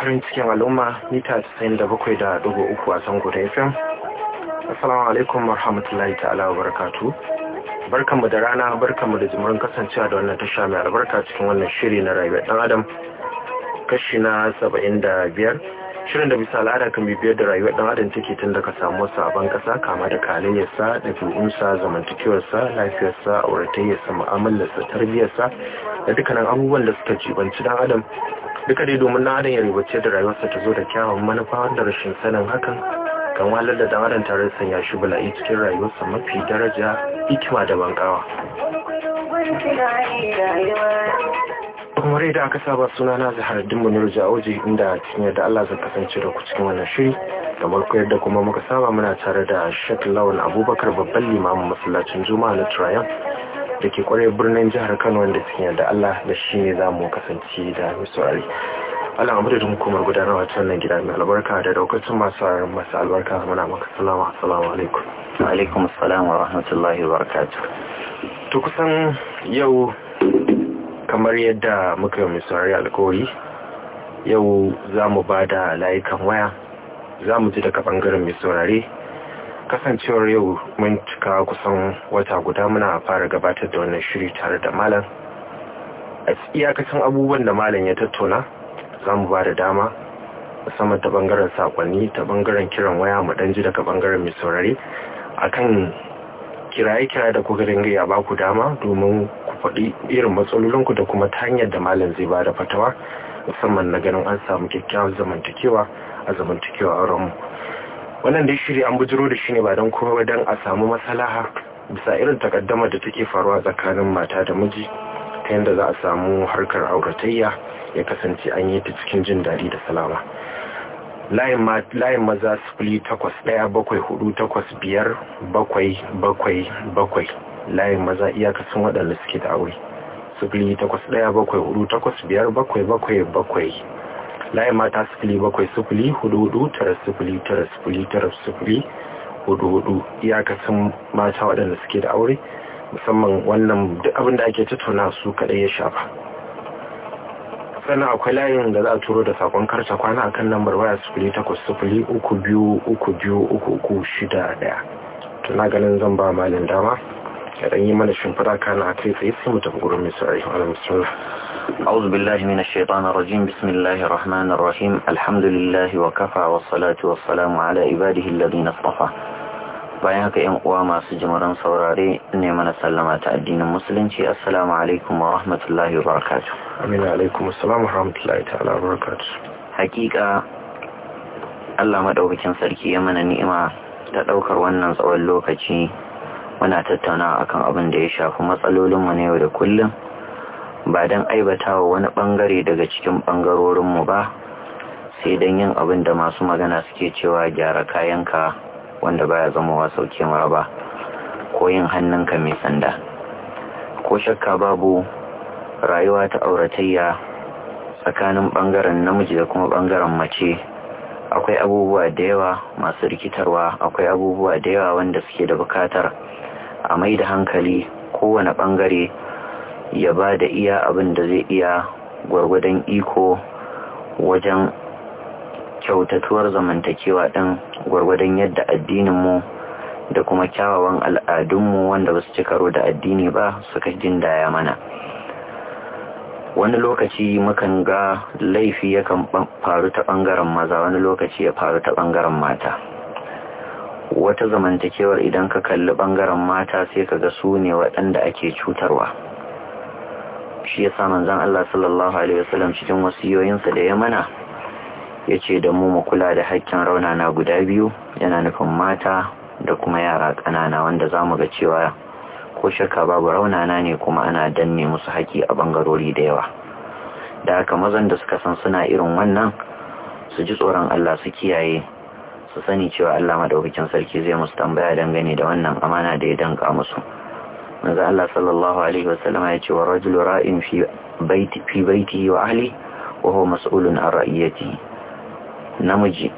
farin cikin al'umma mita 97.3 a da fm assalamu alaikum warahmatullahi ta'ala wa barakatu barkanmu da rana barkanmu da jimurin kasancewa da wannan tasha mai albarka cikin wannan shiri na rayuwar dan adam kashi na biyar. shirin da bisa al'ada kan bibiyar da rayuwar dan adam take tun daga samuwar sa a ban kasa kama da kalayyarsa da fi'unsa zamantakewarsa lafiyarsa sa mu'amalarsa sa da dukkanin abubuwan da suka jibanci dan adam duka dai domin dan adam ya ribace da rayuwarsa ta zo da kyawun manufa da rashin sanin hakan kan walar da dan adam tare da sanya shi bala'i cikin rayuwarsa mafi daraja hikima da bankawa. kamar yadda aka saba sunana zaharaddin munir jaoji inda cikin yadda Allah zai kasance da ku cikin wannan shiri kamar ku yadda kuma muka saba muna tare da shek Lawan Abubakar babban limamin masallacin Juma'a na turayen da ke kware birnin jihar Kano wanda cikin yadda Allah da shi ne za mu kasance da misurari Allah amma da hukumar gudanarwa ta wannan gida mai albarka da daukacin masu masu albarka muna maka salama assalamu alaikum alaikum assalam wa rahmatullahi wa barakatuh to kusan yau kamar yadda muka yi saurari alkawari yau za mu ba da layukan waya za mu ji daga ɓangaren mai saurare kasancewar yau mun cika kusan wata guda muna fara gabatar da wannan shiri tare da malam a iyakacin abubuwan da malam ya tattauna za mu ba da dama musamman ta ɓangaren sakonni ta ɓangaren kiran waya mu dan ji daga bangaren mai saurare akan kiraye-kiraye da kuka dinga ya baku dama domin ku faɗi irin matsalolinku da kuma ta hanyar da malam zai bada fatawa musamman na ganin an samu kyakkyawar zamantakewa a zamantakewa auren wannan da shiri an bujiro da shi ne ba don kuma ba don a samu masalaha bisa irin takaddama da take faruwa tsakanin mata da miji ta yadda za a samu harkar auratayya ya kasance an yi ta cikin jin daɗi da salama layin maza sifili takwas daya bakwai hudu takwas biyar bakwai bakwai bakwai layin maza sun waɗanda suke da aure sifili takwas daya bakwai hudu takwas biyar bakwai bakwai bakwai layin mata sifili bakwai sifili hudu hudu tara sifili tara sifili tara sifili hudu hudu sun mata waɗanda suke da aure musamman wannan abin da ake tattauna su kaɗai ya shafa sannan akwai layin da za a turo da sakon karta kwana akan lambar waya sufuri takwas sufuri uku biyu uku biyu uku uku shida daya to ganin zan ba malin dama ya dan yi mana shimfiɗa kana a kai tsaye sai mu tafi gurin mai sarai malam bismillah أعوذ بالله من الشيطان الرجيم بسم الله الرحمن الرحيم الحمد لله وكفى والصلاة والسلام على عباده الذين اصطفى bayan haka yan uwa masu jimaran saurare ne mana sallama ta addinin musulunci assalamu alaikum wa rahmatullahi wa barakatuh amina alaikum assalamu rahmatullahi ta'ala barakatu hakika Allah madaukakin sarki ya mana ni'ima ta ɗaukar wannan tsawon lokaci muna tattauna akan abin da ya shafi matsalolin mu na yau da kullum ba dan wa wani ɓangare daga cikin bangarorin mu ba sai dan yin abin da masu magana suke cewa gyara kayanka wanda baya zama sauke ma ba ko yin hannunka mai sanda ko shakka babu rayuwa ta auratayya tsakanin ɓangaren namiji da kuma ɓangaren mace akwai abubuwa da yawa masu rikitarwa akwai abubuwa da yawa wanda suke da bukatar a mai da hankali kowane ɓangare ya ba da iya abin da zai iya gwargwadon iko wajen kyautatuwar zamantakewa ɗin gwargwadon yadda addininmu da kuma kyawawan al'adunmu wanda ba su ci karo da addini ba suka jin daya mana wani lokaci mukan ga laifi yakan faru ta ɓangaren maza wani lokaci ya faru ta ɓangaren mata wata zamantakewar idan ka kalli ɓangaren mata sai ka ga su ne waɗanda ake cutarwa shi ya samun zan Allah sallallahu Alaihi wasallam cikin wasiyoyinsa da ya mana ya ce da mu mu kula da Rauna na guda biyu yana nufin mata da kuma yara ƙanana wanda za mu ga cewa ko shakka babu raunana ne kuma ana danne musu haƙi a bangarori da yawa da haka mazan da suka san suna irin wannan su ji tsoron Allah su kiyaye su sani cewa Allah madaukakin sarki zai musu tambaya dangane da wannan amana da ya danka musu manzo Allah sallallahu alaihi wasallam ya ce wa rajulu ra'in fi baiti fi baiti wa ahli wa huwa mas'ulun an ra'iyati namiji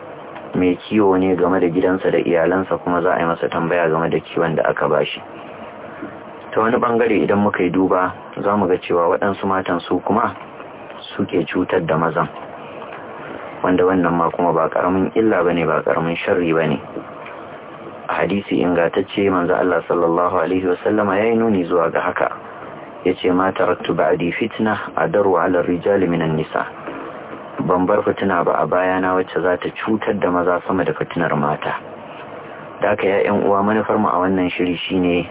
mai kiwo ne game da gidansa da iyalansa kuma za a yi masa tambaya game da kiwon da aka bashi ta wani bangare idan muka yi duba za mu ga cewa waɗansu matan su kuma suke cutar da mazan wanda wannan ma kuma ba ƙaramin illa ba ne ba ƙaramin sharri ba ne a hadisi ingatacce manzo Allah sallallahu alaihi wasallama ya yi nuni zuwa ga haka ya ce matar ba'adi fitna a darwa ala rijali minan nisa ban bar fitina ba a bayana wacce za ta cutar da maza sama da fitinar mata da aka ya yan uwa manufarmu a wannan shiri shine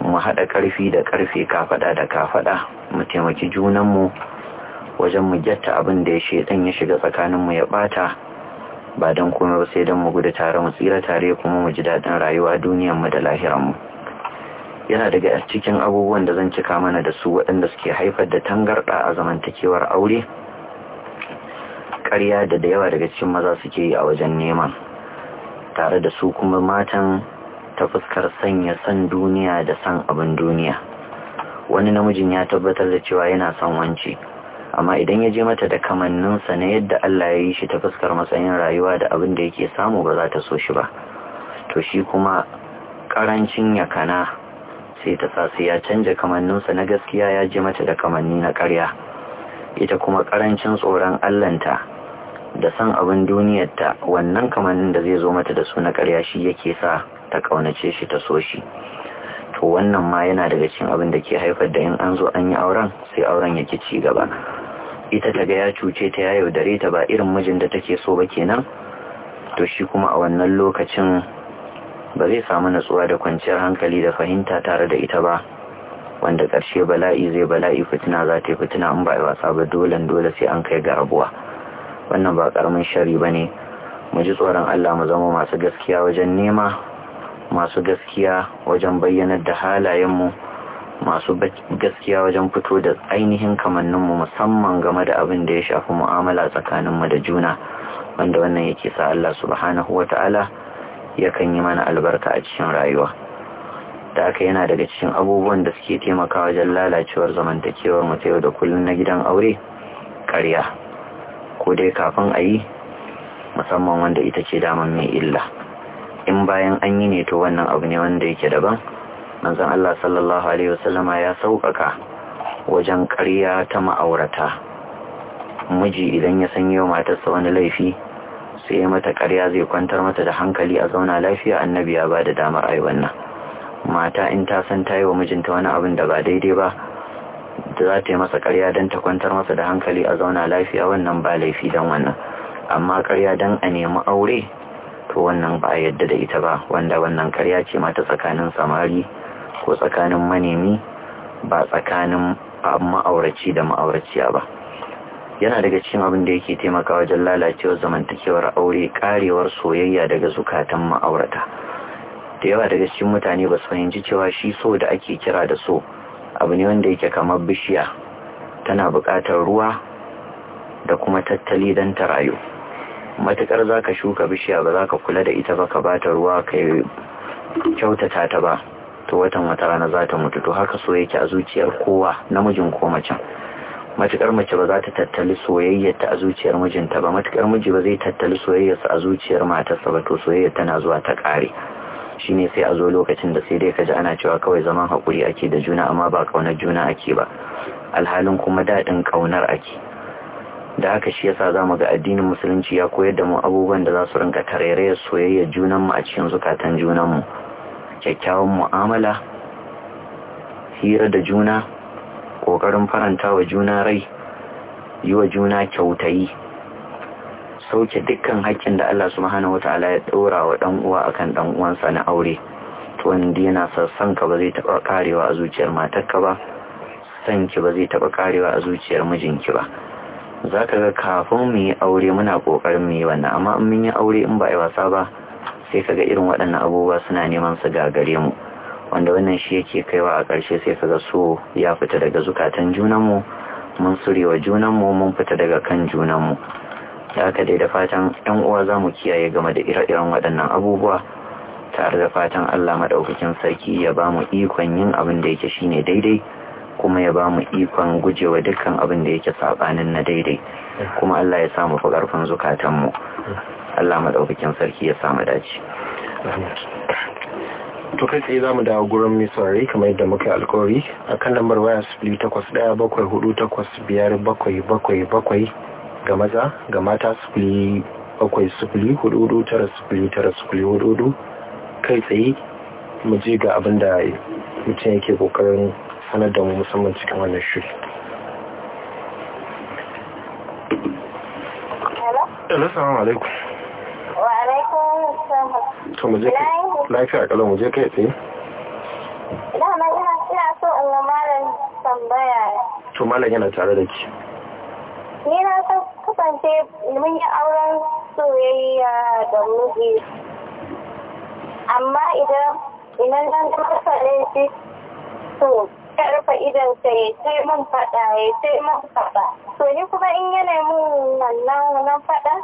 mu haɗa ƙarfi da ƙarfe kafaɗa da kafaɗa mu taimaki junanmu wajen mu gyatta abin da ya shaiɗan ya shiga tsakaninmu ya ɓata ba don komai sai don mu gudu tare mu tsira tare kuma mu ji daɗin rayuwa duniyarmu da lahiranmu yana daga cikin abubuwan da zan cika mana da su waɗanda suke haifar da tangarɗa a zamantakewar aure ƙarya da da yawa daga cikin maza suke yi a wajen neman tare da su kuma matan ta fuskar sanya san duniya da san abin duniya wani namijin ya tabbatar da cewa yana son wance amma idan ya je mata da kamanninsa na yadda Allah ya yi shi ta fuskar matsayin rayuwa da abin da yake samu ba za ta so shi ba to shi kuma karancin yakana sai ta sa ya canja kamanninsa na gaskiya ya je mata da kamanni na karya ita kuma karancin tsoron ta da san abin duniyarta wannan kamannin da zai zo mata da su na karya shi yake sa ta kaunace shi ta so shi to wannan ma yana daga cikin abin da ke haifar da in an zo an yi auren sai auren yake ci gaba ita ta ga ya cuce ta ya yaudare ta ba irin mijin da take so ba kenan to shi kuma a wannan lokacin ba zai samu natsuwa da kwanciyar hankali da fahimta tare da ita ba wanda ƙarshe bala'i zai bala'i fitina za ta yi fitina in ba wasa ba dole dole sai an kai ga abuwa wannan ba ƙaramin shari ba ne mu ji tsoron Allah mu zama masu gaskiya wajen nema masu gaskiya wajen bayyanar da halayenmu masu gaskiya wajen fito da ainihin kamanninmu musamman game da abin da ya shafi mu'amala tsakaninmu da juna wanda wannan yake sa Allah subhanahu wa ta'ala yakan yi mana albarka a cikin rayuwa da aka yana daga cikin abubuwan da suke taimaka wajen lalacewar zamantakewar mu yau da kullum na gidan aure ƙarya ko dai kafin a yi musamman wanda ita ce daman mai illa in bayan an yi ne to wannan abu ne wanda yake daban manzon Allah sallallahu alaihi wasallama ya sauƙaƙa wajen ƙarya ta ma'aurata miji idan ya san wa matarsa wani laifi sai ya mata ƙarya zai kwantar mata da hankali a zauna lafiya annabi ya ba da damar ai wannan mata in ta san ta yi wa mijinta wani abin da ba daidai ba da za ta yi masa ƙarya don ta kwantar masa da hankali a zauna lafiya wannan ba laifi don wannan amma ƙarya don a nemi aure to wannan ba a yadda da ita ba wanda wannan karya ce mata tsakanin samari ko tsakanin manemi ba tsakanin ma'auraci da ma'auraciya ba yana daga cikin abin da yake taimaka wajen lalacewar zamantakewar aure karewar soyayya daga zukatan ma'aurata da yawa daga cikin mutane ba su fahimci cewa shi so da ake kira da so abu ne wanda yake kamar bishiya tana buƙatar ruwa da kuma tattali don ta rayu matukar za ka shuka bishiya ba za ka kula da ita ba ka bata ruwa ka kyautata ta ba to watan wata rana za ta mutu to haka so yake a zuciyar kowa namijin ko macen matukar mace ba za ta tattali soyayyarta a zuciyar mijinta ba matukar miji ba zai tattali soyayyarsa a zuciyar matarsa ba to soyayyar tana zuwa ta kare shine sai a zo lokacin da sai dai ka ji ana cewa kawai zaman hakuri ake da juna amma ba kaunar juna ake ba alhalin kuma daɗin ƙaunar ake da haka shi yasa zamu ga addinin musulunci ya koyar da mu abubuwan da za su rinka tarairaya soyayya junan mu a cikin zukatan junan mu kyakkyawan mu'amala hira da juna kokarin faranta wa juna rai yi wa juna kyautayi sauke dukkan haƙƙin da Allah subhanahu wata'ala ya ɗora wa ɗan uwa akan ɗan uwansa na aure to wanda yana sassan ka ba zai taɓa karewa a zuciyar matarka ba sanki ba zai taɓa karewa a zuciyar mijinki ba za ka ga kafin mu yi aure muna ƙoƙarin mu yi wannan amma in mun yi aure in ba a yi wasa ba sai ka ga irin waɗannan abubuwa suna neman su gagare mu wanda wannan shi yake kaiwa a ƙarshe sai ka ga so ya fita daga zukatan junanmu mun surewa junanmu mun fita daga kan junanmu da haka dai da fatan yan uwa za mu kiyaye game da ire-iren waɗannan abubuwa tare da fatan allah maɗaukakin sarki ya ba mu ikon yin abin da yake shine daidai kuma ya ba mu ikon gujewa dukkan abin da yake sabanin na daidai kuma Allah ya samu fi karfin zukatanmu Allah madaukakin sarki ya samu dace to kai sai za mu dawo gurin mai saurari kamar yadda muka alƙawari a kan lambar waya sifili takwas ɗaya bakwai hudu takwas biyar bakwai bakwai bakwai ga maza ga mata sifili bakwai hudu hudu tara tara hudu hudu kai tsaye mu je ga abin da mutum yake kokarin sanar da mu musamman cikin wannan shiri Hello, salamu alaikum. Wa alaikun salam. To mu je lafiya kalau mu je kai tsaye. Ina ma ina ina so in ga malam tambaya. To yana tare da ki. Ni na san kasance mun yi auren soyayya da miji. Amma idan idan dan ta kasance so, rika rufe idan sai sai mun fada ya sai mun fada to ni kuma in yana mun wannan wannan fada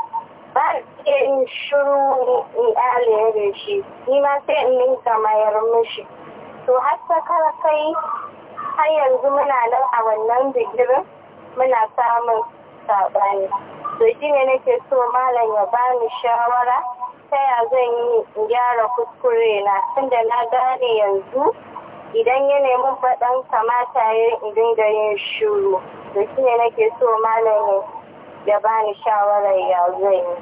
ba ke in shuru in ɗale da shi ni ma sai in ninka mayar mishi to har ta kai har yanzu muna nan a wannan digirin muna samun saɓani to shi ne nake so malam ya bani shawara ta ya zan yi in gyara kuskure na tunda na gane yanzu idan ya nemi faɗan kamata ya idin dinga yin shuru da shi ne nake so malamin ya bani shawarar ya zai yi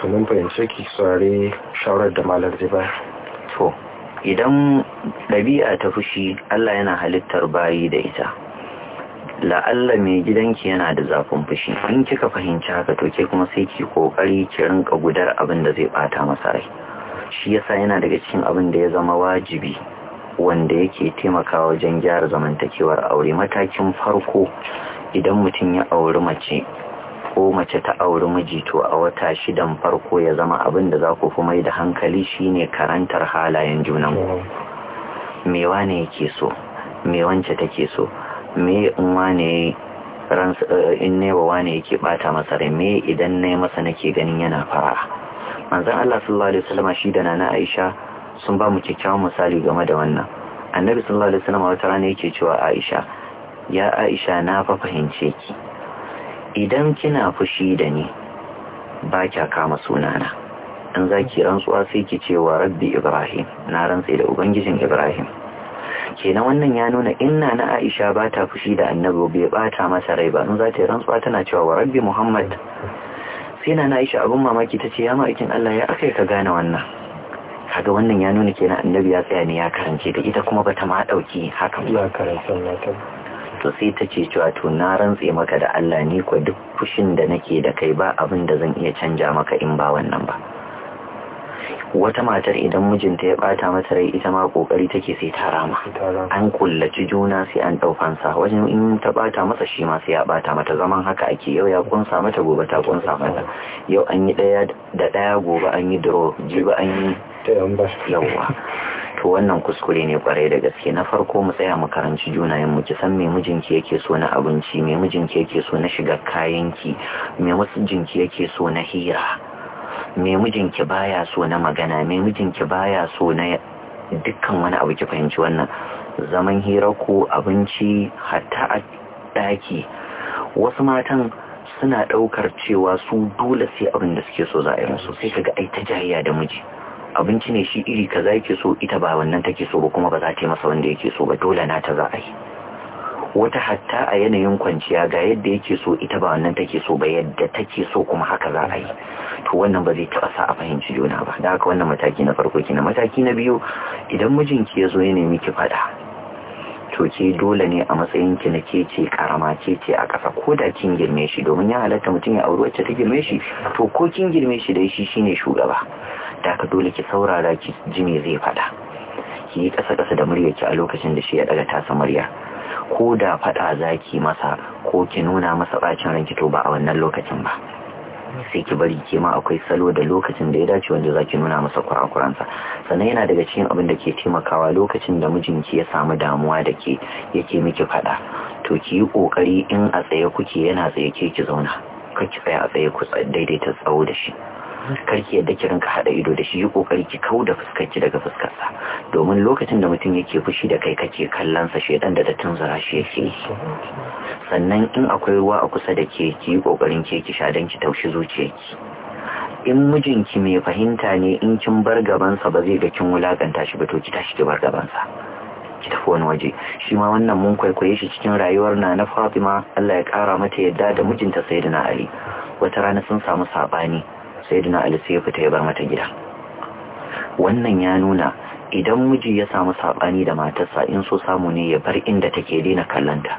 tunan ki shawarar da malar zai bayar to idan ɗabi'a ta fushi Allah yana halittar bayi da ita la'alla mai gidanki yana da zafin fushi in kika fahimci haka to ke kuma sai ki kokari ki rinka gudar abin da zai bata masa rai shi yasa yana daga cikin abin da ya zama wajibi wanda yake taimakawa wajen gyara zamantakewar aure matakin farko idan mutum ya auri mace ko mace ta auri miji to a wata shidan farko ya zama abin da za ku fi mai da hankali shine karantar halayen junan me wane yake so me wance take so me in wane eh, in newa wane yake bata masa rai me idan ne masa nake ganin yana fara manzon Allah sallallahu alaihi wasallam shi da nana Aisha sun ba mu kyakkyawan misali game da wannan annabi sallallahu alaihi wasallam wata rana yake cewa Aisha ya Aisha na fa fahimce ki idan kina fushi da ni ba kya kama sunana in yi rantsuwa sai ki cewa wa rabbi Ibrahim na rantsai da ubangijin Ibrahim kenan wannan ya nuna inna na Aisha ba ta fushi da annabi bai bata masa rai ba in za ta rantsuwa tana cewa wa rabbi Muhammad sai na Aisha abun mamaki ta ce ya ma'aikin Allah ya aka ka gane wannan kaga wannan ya nuna kenan annabi ya tsaya ne ya karance da ita kuma bata ma dauki hakan ba to sai ta ce cewa to na rantse maka da Allah ni ko duk fushin da nake da kai ba abin da zan iya canja maka in ba wannan ba wata matar idan mijinta ya bata mata rai ita ma kokari take sai ta rama an kullaci juna sai an dau fansa wajen in ta bata masa shi ma sai ya bata mata zaman haka ake yau ya kunsa mata gobe ta kunsa mata yau an yi daya da daya gobe an yi draw jibi an yi ta yan ba yawwa to wannan kuskure ne kwarai da gaske na farko mu tsaya mu karanci junayen mu ki san me mijinki yake so na abinci me mijinki yake so na shiga kayanki me mijinki yake so na hira me mijinki baya so na magana me mijinki baya so na dukkan wani abu ki fahimci wannan zaman hira ko abinci hatta a daki wasu matan suna daukar cewa su dole sai abin da suke so za a yi musu sai kaga ai ta jahiya da miji abinci ne shi iri kaza yake so ita ba wannan take so ba kuma ba za ta yi masa wanda yake so ba dole na ta za a yi wata hatta a yanayin kwanciya ga yadda yake so ita ba wannan take so ba yadda take so kuma haka za a yi to wannan ba zai taɓa sa a fahimci juna ba da haka wannan mataki na farko ki na mataki na biyu idan mijinki ya zo ya nemi ki faɗa to ke dole ne a matsayin ki na ke ce karama ke ce a ƙasa ko da kin girme shi domin ya halatta mutum ya auri wacce ta girme shi to ko kin girme shi dai shi shine shugaba da ka dole ki saurara ki ji me zai faɗa ki yi ƙasa ƙasa da muryarki a lokacin da shi ya ɗaga tasa murya ko da faɗa zaki masa ko ki nuna masa bacin ranki to ba a wannan lokacin ba sai ki bari ke ma akwai salo da lokacin da ya dace wanda za ki nuna masa kurakuransa sannan yana daga cikin abin da ke taimakawa lokacin da mijinki ya samu damuwa da ke yake miki faɗa to ki yi ƙoƙari in a tsaye kuke yana tsaye ke ki zauna kar ki tsaya a tsaye ku daidaita tsawo da shi ki yadda ki ka haɗa ido da shi yi kokari ki kau da fuskarki daga fuskarsa domin lokacin da mutum yake fushi da kai kake kallon sa shedan da ta zara shi yake sannan in akwai ruwa a kusa da ke ki yi kokarin ke ki sha dan ki taushi zuciyarki in mijinki mai fahimta ne in kin bar gabansa ba zai ga kin wulakanta shi ba to ki tashi ki bar gabansa ki tafi wani waje shi ma wannan mun kwaikwaye shi cikin rayuwar na na Fatima Allah ya kara mata yadda da mijinta Sayyidina Ali wata rana sun samu sabani sai dina sai ya fita ya bar mata gida wannan ya nuna idan miji ya samu saɓani da matarsa in so samu ne ya bar inda take dina kallanta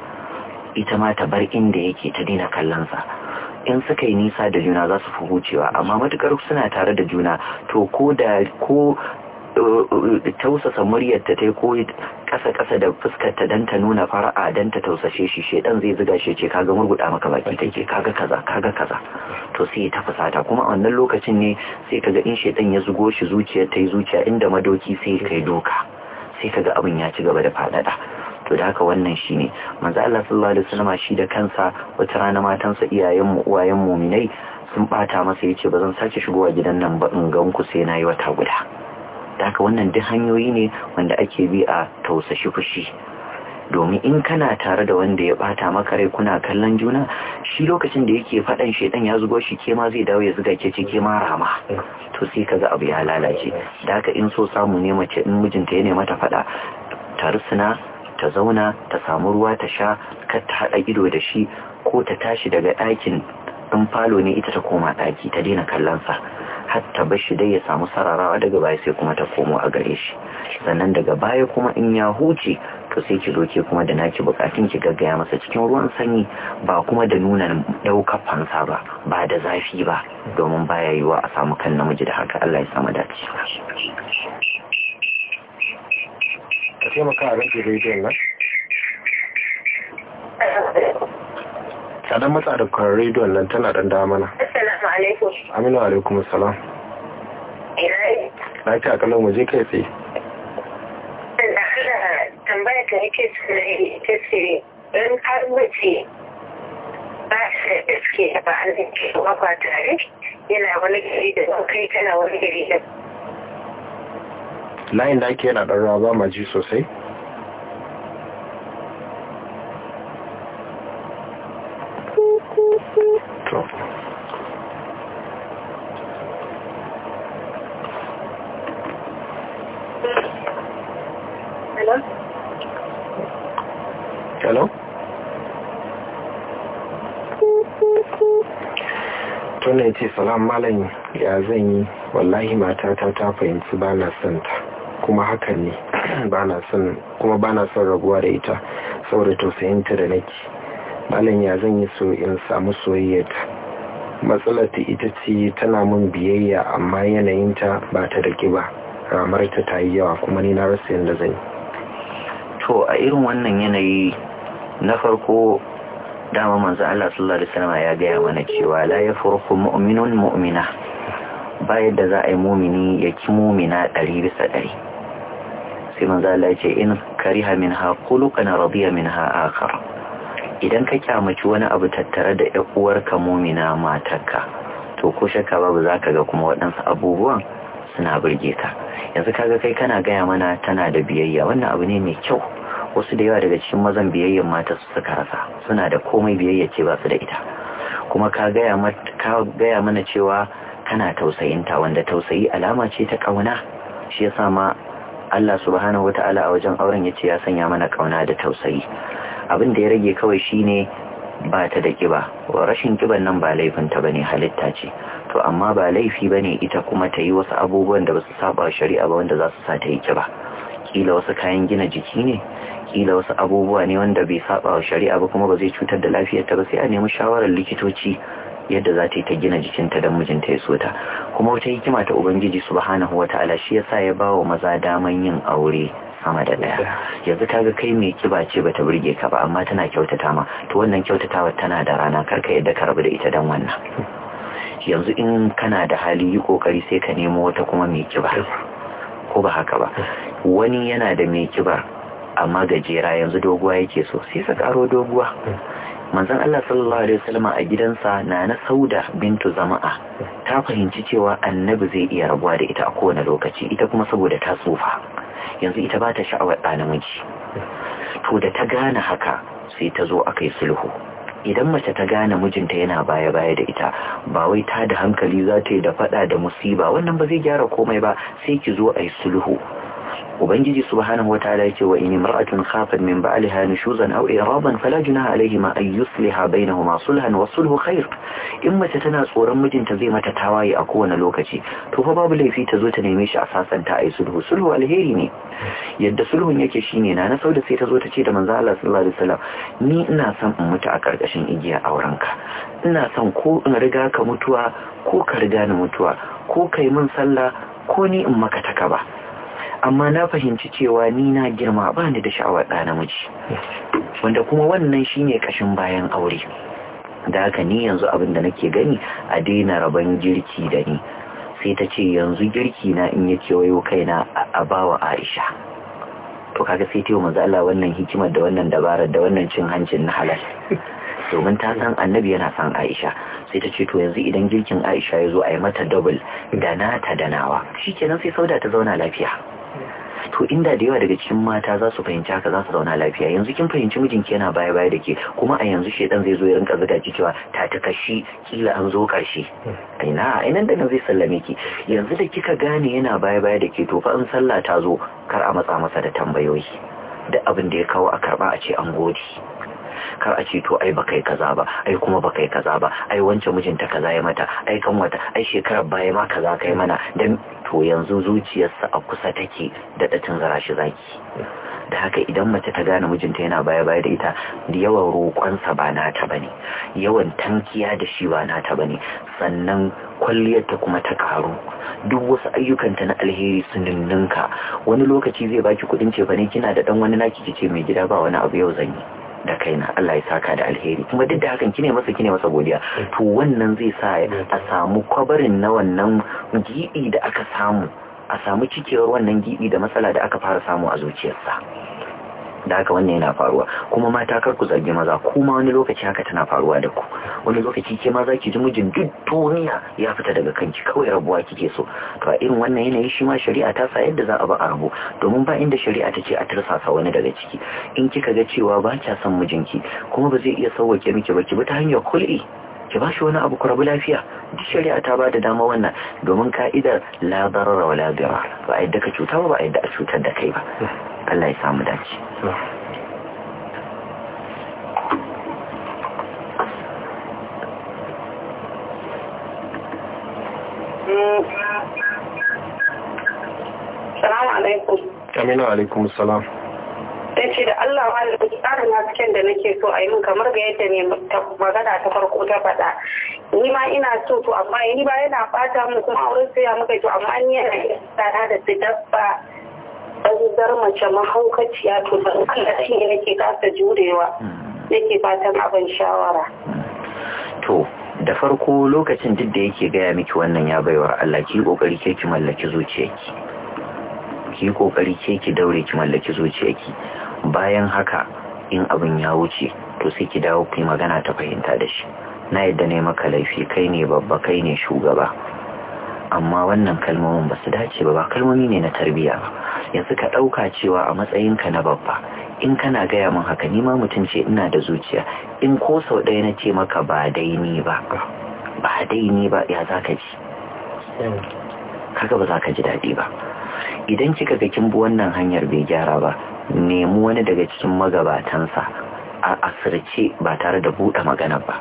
ita ma ta bar inda yake ta dina kallonsa in suka yi nisa da juna za su fi hucewa amma matukar suna tare da juna to ko tausasa muryarta ta ko kasa-kasa da fuskarta don ta nuna fara'a don ta tausashe shi dan zai zuga shi ce kaga murguda maka baki take kaga kaza kaga kaza to sai ta fusata kuma a wannan lokacin ne sai kaga in dan ya zugo shi zuciyar ta yi zuciya inda madoki sai kai doka sai kaga abin ya ci gaba da fadada to da haka wannan shine manzo Allah sallallahu alaihi wasallam shi da kansa wata rana matansa iyayen mu uwayen muminai sun bata masa yace zan sake shigowa gidan nan ba in ganku sai nayi wata guda da haka wannan duk hanyoyi ne wanda ake bi a tausashi fushi domin in kana tare da wanda ya bata maka rai kuna kallon juna shi lokacin da yake faɗan shedan ya zugo shi ke ma zai dawo ya zuga ke ce ke ma rama to sai kaga abu ya lalace da haka in so samu ne mace in mijinta ya nema ta faɗa ta rusuna ta zauna ta samu ruwa ta sha kar ta haɗa ido da shi ko ta tashi daga ɗakin in falo ne ita ta koma ɗaki ta daina kallon sa hatta shi dai ya samu sararawa daga baya sai kuma ta komo a gare shi sannan daga baya kuma in ya huce to sai ki doke kuma da naki bukatun ki gaggaya masa cikin ruwan sanyi ba kuma da nuna daukar fansa ba ba da zafi ba domin baya yiwuwa a samu kan namiji da haka Allah ya samu dace ka taimaka a rage rediyon nan ta dan matsa da kwarar rediyon nan tana dan dama assalamu alaikum aminu alaikum assalam ina lafiya kallon mu je kai tsaye Allah tambaya ta yake suna ita ce in har mace ba shi da iske ba an zanke kuma ba tare yana wani gari da kai tana wani gari da layin da ake yana ɗan raba maji sosai salam malam ya zan yi wallahi matata ta fahimci ba na son ta kuma hakan ne kuma ba na son rabuwa da ita saboda tausayinta da nake malam ya zan yi so in samu soyayyata matsalar ta ita ce tana mun biyayya amma yanayinta ba ta da kiba ramarta ta yi yawa kuma ni na rasa yadda zan yi to a irin wannan yanayi na farko dama manzo Allah sallallahu alaihi wasallam ya gaya mana cewa la yafurqu mu'minun mu'mina ba yadda za a yi mumini ya ki mumina ɗari bisa ɗari sai manzo Allah ya ce in kariha minha qulukan radiya minha akhar idan ka kyamaci wani abu tattare da ƴan uwarka mumina matarka to ko shakka babu zaka ga kuma waɗansu abubuwan suna burge ka yanzu kaga kai kana gaya mana tana da biyayya wannan abu ne mai kyau wasu da yawa daga cikin mazan biyayyen mata su suka rasa suna da komai biyayya ce ba su da ita kuma ka gaya mana cewa kana tausayinta wanda tausayi alama ce ta kauna shi ya sa ma Allah subhanahu wata'ala a wajen auren ya ce ya sanya mana ƙauna da tausayi abin da ya rage kawai shine ba ta da kiba rashin kiban nan ba laifinta ne, halitta ce to amma ba laifi bane ita kuma ta yi wasu abubuwan da ba su saba shari'a ba wanda za su sa ta yi kiba kila wasu kayan gina jiki ne kila wasu abubuwa ne wanda bai saba wa shari'a ba kuma ba zai cutar da lafiyar ta ba sai a nemi shawarar likitoci yadda za ta yi ta gina jikin ta dan mijinta ya so ta kuma wata hikima ta ubangiji subhanahu wataala shi yasa ya ba wa maza daman yin aure sama da daya yanzu kaga kai mai kiba ce bata burge ka ba amma tana kyautata ma to wannan kyautatawa tana da rana karka yadda ka rabu da ita dan wannan yanzu in kana da hali yi kokari sai ka nemo wata kuma mai kiba ko ba haka ba wani yana da mai kibar amma gajera yanzu doguwa yake so sai sa karo doguwa manzon Allah sallallahu alaihi wasallam a gidansa na na Sauda bintu Zama'a ta fahimci cewa annabi zai iya rabuwa da ita a kowane lokaci ita kuma saboda ta tsufa yanzu ita ba ta sha'awar ɗa namiji to da ta gane haka sai ta zo aka yi sulhu idan mace ta gane mijinta yana baya-baya da ita ba wai ta da hankali za ta yi da fada da musiba wannan ba zai gyara komai ba sai ki zo a yi sulhu ubangiji subhanahu wataala yake wa in imra'atun khafat min ba'liha nushuzan aw iradan fala junaha alayhima an yusliha bainahuma sulhan wa sulhu khair in mace tana tsoron mijinta zai mata tawaye a kowane lokaci to fa babu laifi ta zo ta neme shi a sasanta ayi sulhu sulhu alheri ne yadda sulhun yake shine na na sauda sai ta zo ta ce da manzo Allah sallallahu alaihi wasallam ni ina son in mutu a karkashin igiya aurenka ina son ko in riga ka mutuwa ko ka riga ni mutuwa ko kai min sallah ko ni in maka takaba amma na fahimci cewa ni na girma ba ni da sha'awar ɗa namiji wanda kuma wannan shine kashin bayan aure da haka ni yanzu abin da nake gani a daina rabon girki da ni sai ta ce yanzu girki na in ya kewayo kaina a bawa aisha to kaga sai ta yi manzo Allah wannan hikimar da wannan dabarar da wannan cin hancin na halal domin ta san annabi yana san aisha sai ta ce to yanzu idan girkin aisha ya zo a yi mata double da na ta da nawa shikenan sai sauda ta zauna lafiya to inda da yawa daga cikin mata za su fahimci haka za su zauna lafiya yanzu kin fahimci mijinki yana baya baya da ke kuma a yanzu shedan zai zo ya rinka zuga ki cewa ta ta kashi kila an zo kashi hmm. ina a inan da nan zai sallame ki yanzu da kika gane yana baya baya da ke to fa in sallah ta zo kar a matsa masa da tambayoyi da abin da ya kawo a karba a ce an gode kar a ce to ai baka kaza ba ai kuma bakai yi kaza ba ai wancan mijinta kaza ya mata ai kan wata ai shekarar baya ma kaza kai mana dan to yanzu zuciyarsa a kusa take da datin zara zaki da haka idan mace ta gane mijinta yana baya baya da ita da yawan roƙonsa ba na nata bane yawan tankiya da shi ba na nata bane sannan kwalliyarta kuma ta karu duk wasu ayyukanta na alheri su ninninka wani lokaci zai baki kudin cefane kina da ɗan wani naki ce mai gida ba wani abu yau zan yi da kaina Allah ya saka da alheri kuma duk da hakan kine masa kine masa godiya to wannan zai sa a samu kwabarin na wannan giɗi da aka samu a samu cikewar wannan giɗi da matsala da aka fara samu a zuciyarsa da haka wannan yana faruwa kuma mata kar ku zargi maza kuma wani lokaci haka tana faruwa da ku wani lokaci ke ma za ki ji mijin duk duniya ya fita daga kanki kawai rabuwa kike so to a irin wannan yanayi shi ma shari'a ta sa yadda za a ba a rabu domin ba inda shari'a ta ce a tirsasa wani daga ciki in kika ga cewa ba kya son mijinki kuma ba zai iya sauwake miki ba ki bi ta hanyar kul'i ki ba shi wani abu ku rabu lafiya duk shari'a ta ba da dama wannan domin ka'idar la darara wa dirar ba a yadda ka cuta ba ba a yadda a cutar da kai ba Allah ya samu dace Salamu alaikum. Aminu alaikum salam. ta ce da Allah ma da tsarin hasken da nake so a yi min kamar ga yadda ne magana ta farko ta faɗa ni ma ina so to amma ni ba yana fata mun kuma wurin sai ya muka to amma ni yana tsada da su dabba banzar mace mahaukaciya to da Allah shi ne nake kasa jurewa nake fatan abin shawara to da farko lokacin duk da yake gaya miki wannan ya baiwar Allah ki kokari ke ki mallaki zuciyarki ki kokari ke ki daure ki mallaki zuciyarki bayan haka in abin ya wuce to sai ki dawo ki magana ta fahimta da shi na yadda ne maka laifi kai ne babba kai ne shugaba amma wannan kalmomin ba su dace ba ba kalmomi ne na tarbiyya ba yanzu ka ɗauka cewa a matsayinka na babba in kana gaya min haka ni ma mutum ce ina da zuciya in ko sau ɗaya na ce maka ba dai ni ba ba dai ni ba ya za ka ji kaga ba za ka ji daɗi ba idan kika ga kin bi wannan hanyar bai gyara ba nemi wani daga cikin magabatansa a asirce ba tare da buɗe magana ba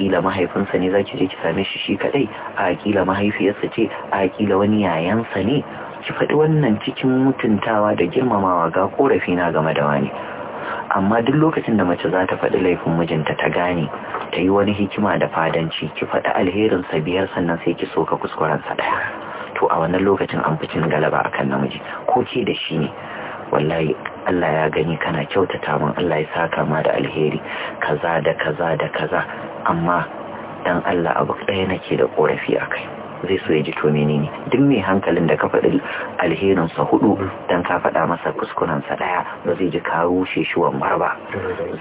kila mahaifinsa ne zaki je ki same shi shi kadai a mahaifiyarsa ce a kila wani yayansa ne ki faɗi wannan cikin mutuntawa da girmamawa ga korafi na game da wani amma duk lokacin da mace za ta faɗi laifin mijinta ta gane ta yi wani hikima da fadanci ki faɗi alherinsa biyar sannan sai ki soka sa ɗaya to a wannan lokacin an fi cin galaba akan namiji ko ke da shi ne wallahi Allah ya gani kana kyautata min Allah ya saka ma da alheri kaza da kaza da kaza amma dan Allah abu ɗaya nake da korafi kai, zai so ya ji to menene duk mai hankalin da ka faɗi alherin sa hudu dan ka faɗa masa kuskurensa ɗaya ba zai ji ka rushe shi wannan ba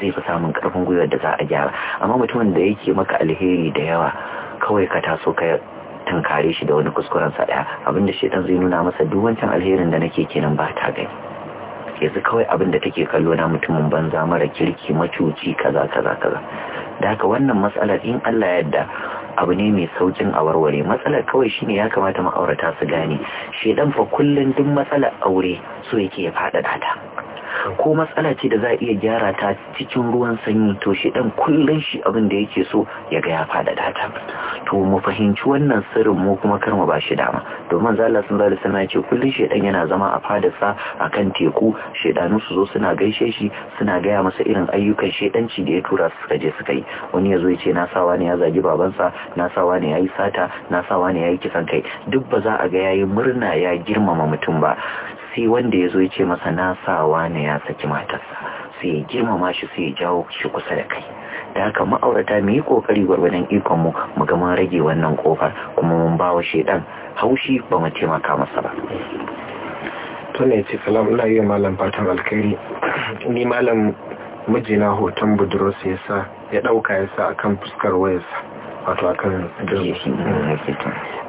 zai fi samun karfin gwiwar da za a gyara amma mutumin da yake maka alheri da yawa kawai ka taso ka tankare shi da wani kuskurensa ɗaya abinda dan zai nuna masa duk wancan alherin da nake kenan ba ta gani su kawai abin da take kallo na mutumin banza mara kirki macuci kaza kaza kaza da haka wannan matsalar in Allah yadda abu ne mai saukin a warware matsalar kawai shine ya kamata ma'aurata su gane dan fa kullun duk matsalar aure so yake ya faɗaɗa ta ko matsala ce da za a iya gyara ta cikin ruwan sanyi to shi dan kullun shi abin da yake so ya ga ya fada data to mu fahimci wannan sirrin mu kuma kar mu bashi dama domin zalla sun bada sana ce kullun shi dan yana zama a sa akan teku shedanu su zo suna gaishe shi suna gaya masa irin ayyukan shedanci da ya tura su suka je suka yi wani yazo zo ya ce na sawa ne ya zagi babansa na sawa ne ya sata na sawa ne ya kisan kai duk ba za a ga yayi murna ya girmama mutum ba sai wanda ya zo ya ce masa na sawa ne ya saki matarsa sai ya girmama shi sai ya jawo shi kusa da kai da haka ma'aurata mu yi kokari gwargwadon ikon mu mu ga rage wannan kofar kuma mun ba wa shaidan haushi ba mu taimaka masa ba to ne ce salam ina malam fatan alkhairi ni malam mijina hoton budurarsa ya sa ya dauka ya sa akan fuskar wayarsa wato a kan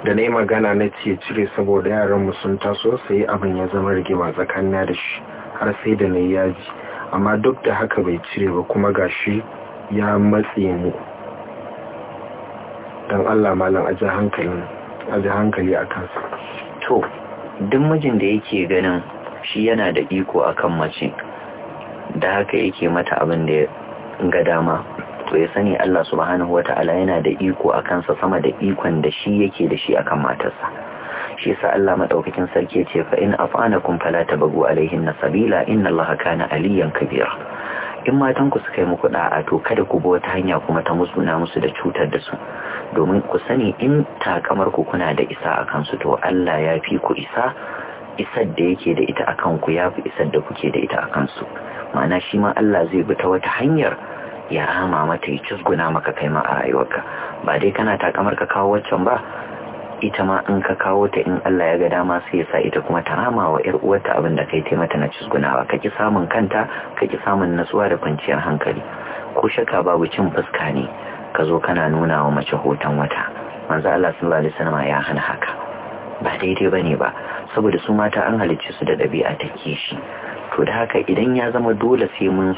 da na yi magana na ce cire saboda yaran sun taso sai abin ya zama rigima tsakanin da shi har sai da na yaji amma duk da haka bai cire ba kuma gashi ya matse mu don allah malam ji hankali a kansa to duk mijin da yake ganin shi yana da iko a kan mace da haka yake mata abin da ga dama to ya sani Allah subhanahu ta'ala yana da iko a kansa sama da ikon da shi yake da shi akan matarsa shi yasa Allah maɗaukakin sarki ya ce fa in afanakum fala tabagu alaihin nasabila inna Allah kana aliyan kabira in matan ku suka yi muku da'a to kada ku bi wata hanya kuma ta na musu da cutar da su domin ku sani in takamar ku kuna da isa a kansu to Allah ya fi ku isa isar da yake da ita akan ku ya fi isar da kuke da ita a kansu ma'ana shi ma Allah zai bi ta wata hanyar ya hama mata ya cizguna maka kai ma a rayuwarka ba dai kana takamar ka kawo waccan ba ita ma in ka kawo ta in Allah ya ga dama sai ya sa ita kuma ta rama wa ƴar uwarta abin da kai taimata na cizgunawa kaki samun kanta kaki samun natsuwa da kwanciyar hankali ko shakka babu cin fuska ne ka zo kana nuna wa mace hoton wata manzo Allah sallallahu alaihi wasallam ya hana haka ba daidai bane ba saboda su mata an halicce su da ɗabi'a ta kishi to da haka idan ya zama dole sai mun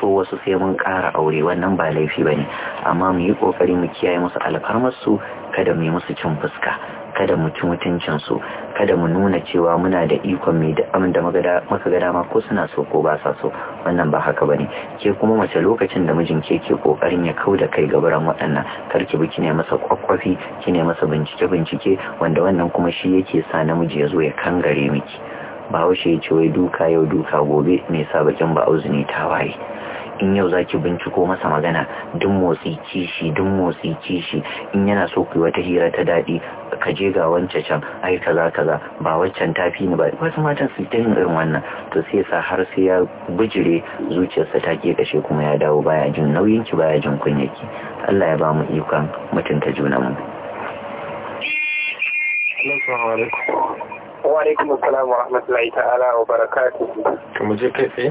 so wasu sai mun ƙara aure wannan ba laifi ba ne amma mu yi ƙoƙari mu kiyaye musu alfarmarsu kada mu yi musu cin fuska kada mu ci mutuncinsu kada mu nuna cewa muna da ikon mai da amin da maka ga dama ko suna so ko ba sa so wannan ba haka ba ne ke kuma mace lokacin da mijin ke ke kokarin ya kau da kai gabaran waɗannan karki bi kine masa kwakwafi kine masa bincike bincike wanda wannan kuma shi yake sa namiji ya zo ya kangare miki ba haushe ya ce wai duka yau duka gobe mai sa bakin ba auzini ta waye in yau za ki binciko masa magana dun motsi kishi dun motsi kishi in yana so ku wata hira ta daɗi ka je ga wancan can ai kaza kaza ba waccan fi ni ba wasu matan su ta irin wannan to sai sa har sai ya bijire zuciyarsa ta ke kashe kuma ya dawo baya jin nauyin ki baya jin ki Allah ya ba mu ikon mutunta junanmu. Assalamu alaikum. wa alaikum assalam wa rahmatullahi ta'ala wa kuma je kai tsaye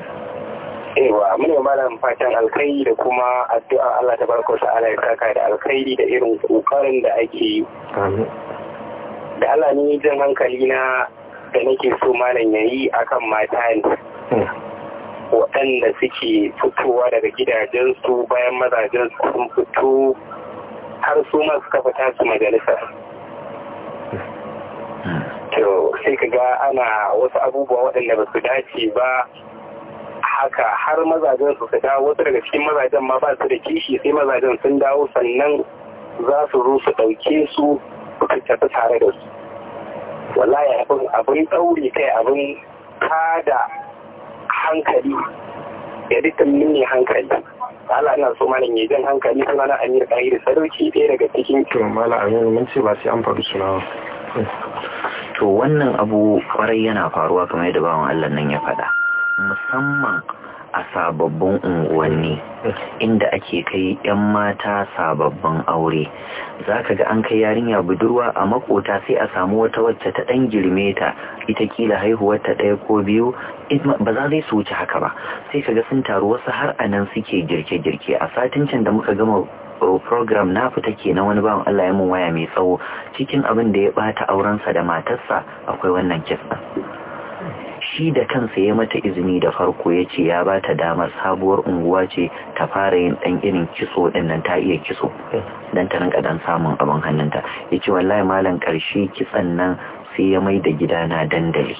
Ewa, muna malam fatan alkhairi da kuma addu'a Allah ta barka ala ya saka da alkhairi da irin kokarin da ake yi. Da Allah ne jin hankali na da nake so malam yayi akan mata ne. Hmm. Waɗanda suke fitowa daga gidajensu bayan mazajensu sun fito har su ma suka fita su majalisar. Hmm. sai ka ga ana wasu abubuwa waɗanda ba su dace ba haka har mazajen su su dawo wasu daga cikin mazajen ma ba su da kishi sai mazajen sun dawo sannan za su zo su ɗauke su su tafi tare da su wallahi abin abin ɗauri kai abin kada hankali ya dukkan mini hankali ala ina so malam ya jan hankali kuma na Amir Kahir Sarauci ɗaya daga cikin to malam Amir mun ce ba sai an faru suna to wannan abu kwarai yana faruwa kamar yadda bawan Allah nan ya faɗa musamman a sababbin unguwanni inda ake kai 'yan mata sababbin aure za ka ga an kai yarinya budurwa a makota sai a samu wata wacce ta ɗan girme ta ita kila haihuwar ta ɗaya ko biyu ba za zai su wuce haka ba sai ka ga sun taru wasu har a nan suke girke-girke a satin can da muka gama program na fita ke na wani bawan Allah ya mun waya mai tsawo cikin abin da ya bata aurensa da matarsa akwai wannan kisa shi da kansa ya mata izini da farko ya ce ya bata damar sabuwar unguwa ce ta fara yin dan irin kiso din nan ta iya kiso dan ta rinka dan samun abin hannunta ya ce wallahi malam karshe kitson nan sai ya mai da gidana dandali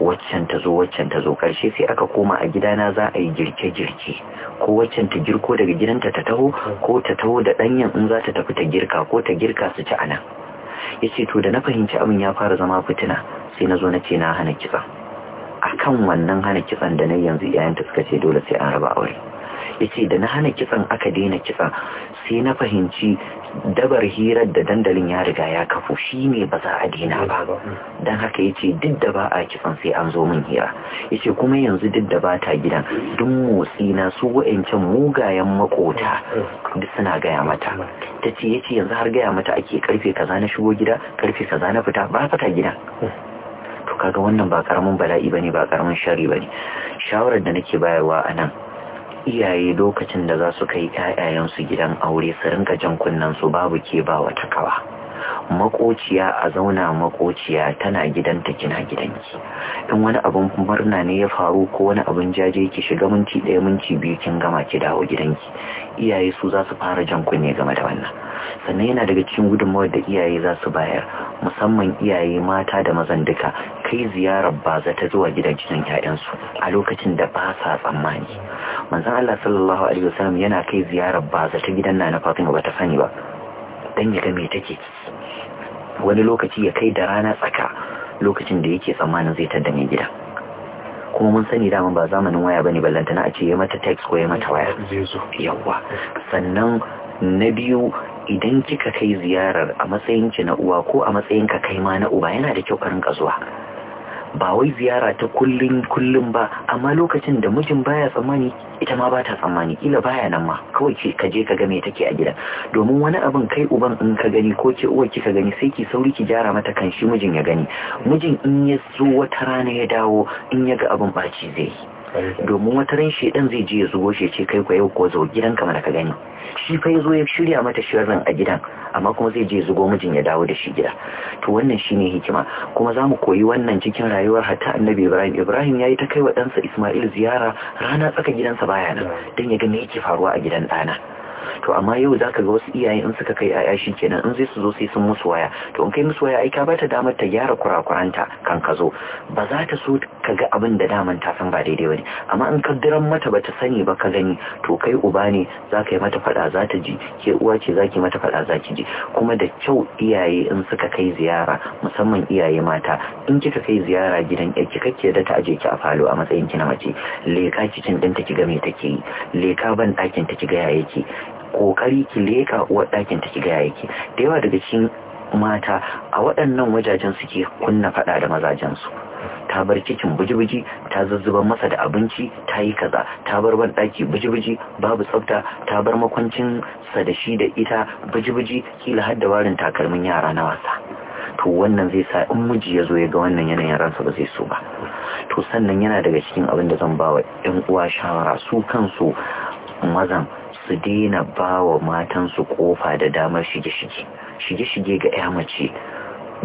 waccan ta zo waccan ta zo karshe sai aka koma a gidana za a yi girke-girke ko waccan ta girko daga gidanta ta taho ko ta taho da ɗanyen in za ta tafi ta girka ko ta girka su ci anan ya ce to da na fahimci abin ya fara zama fitina sai na zo na ce na hana a akan wannan hana kitsan da na yanzu iyayenta suka ce dole sai an raba aure ya ce da na hana kitsan aka daina kitsa sai na fahimci dabar hirar da dandalin ya riga ya kafu shi ne ba za a dina ba don haka ya ce duk da ba a kifan sai an zo min hira ya ce kuma yanzu duk da ba ta gidan duk motsi na su wa'ancan mugayen makota duk suna gaya mata ta ce ya ce yanzu har gaya mata ake karfe kaza na shigo gida karfe kaza na fita ba fata gidan to kaga wannan ba karamin bala'i bane ba karamin shari bane shawarar da nake bayarwa a nan iyaye lokacin da za su kai 'ya'yayensu gidan aure su rinka jan kunnen su babu ke ba wata kawa makociya a zauna makociya tana gidanta kina gidanki in wani abun murna ne ya faru ko wani abun jaje ki shiga minti ɗaya minti biyu kin gama ki dawo gidanki iyaye su za su fara jan kunne game da wannan sannan yana daga cikin gudunmawar da iyaye za su bayar musamman iyaye mata da mazan duka kai ziyarar baza ta zuwa gidan cikin 'ya'yansu a lokacin da ba sa tsammani manzon Allah sallallahu alaihi wasallam yana kai ziyarar baza ta gidan Nana Fatima ta sani ba dan ya ga me take wani lokaci ya kai da rana tsaka lokacin da yake tsammanin zai tada mai gida kuma mun sani daman ba zamanin waya bane ballantana a ce ya mata text ko ya mata waya yawa sannan na biyu idan kika kai ziyarar a matsayin ki na uwa ko a matsayin ka kai ma na uba yana da kyau ka rinka zuwa ba wai ziyara ta kullum kullum ba amma lokacin da mijin baya tsammani ita ma bata tsammani kila baya nan ma kawai ce ka je ka ga me take a gida domin wani abin kai uban in ka gani ko ke uwa kika gani sai ki sauri ki gyara mata kan shi mijin ya gani mijin in ya zo wata rana ya dawo in ya ga abin baci zai yi domin wata ran shi dan zai je ya zugo shi ce kai ko yau ko zo gidan kamar ka gani shi fa yazo ya shirya mata shirin a gidan amma kuma zai je ya zugo mijin ya dawo da shi gida to wannan shine hikima kuma zamu koyi wannan cikin rayuwar hatta annabi Ibrahim Ibrahim yayi ta kai wa dansa Ismail ziyara rana tsaka gidansa baya nan dan ya ga me yake faruwa a gidan dana. to amma yau za ka ga wasu iyaye in suka kai yaya shi kenan in zai su zo sai sun musu waya to in kai musu waya ai ka bata damar ta gyara kurakuranta kan ka zo ba za ta so ka ga abin da daman ta san ba daidai bane amma in ka diran mata ba ta sani ba ka gani to kai uba ne za ka yi mata fada za ta ji ke uwa ce za ki mata fada za ki ji kuma da kyau iyaye in suka kai ziyara musamman iyaye mata in kika kai ziyara gidan ka kake da ta aje ki a falo a matsayin ki na mace leka kicin ɗinta ki ga me take yi leka ban dakin ta ki ga yaya yake kokari ki leka uwar ɗakin ta ki ga yake da yawa daga cikin mata a waɗannan wajajen suke kunna faɗa da mazajen su ta bar cikin buji-buji ta zuzzuba masa da abinci ta yi kaza ta bar ban ɗaki buji-buji babu tsafta ta bar makwancin sa da shi da ita buji-buji kila har da warin takalmin yara na wasa to wannan zai sa in miji ya zo ya ga wannan yanayin ransa ba zai so ba to sannan yana daga cikin abin da zan ba wa 'yan uwa shawara su kansu mazan su daina ba wa matansu kofa da damar shige-shige shige-shige ga ya mace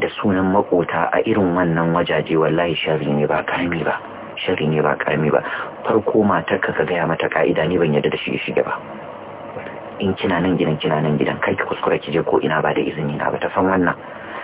da sunan makota a irin wannan wajaje wallahi shari ne ba kami ba shari ne ba kami ba farko matar ka gaya mata ka'ida ne ban yadda da shige-shige ba in kina nan gidan kina nan gidan kai ki kuskura ki je ko ina ba da izini na ba ta san wannan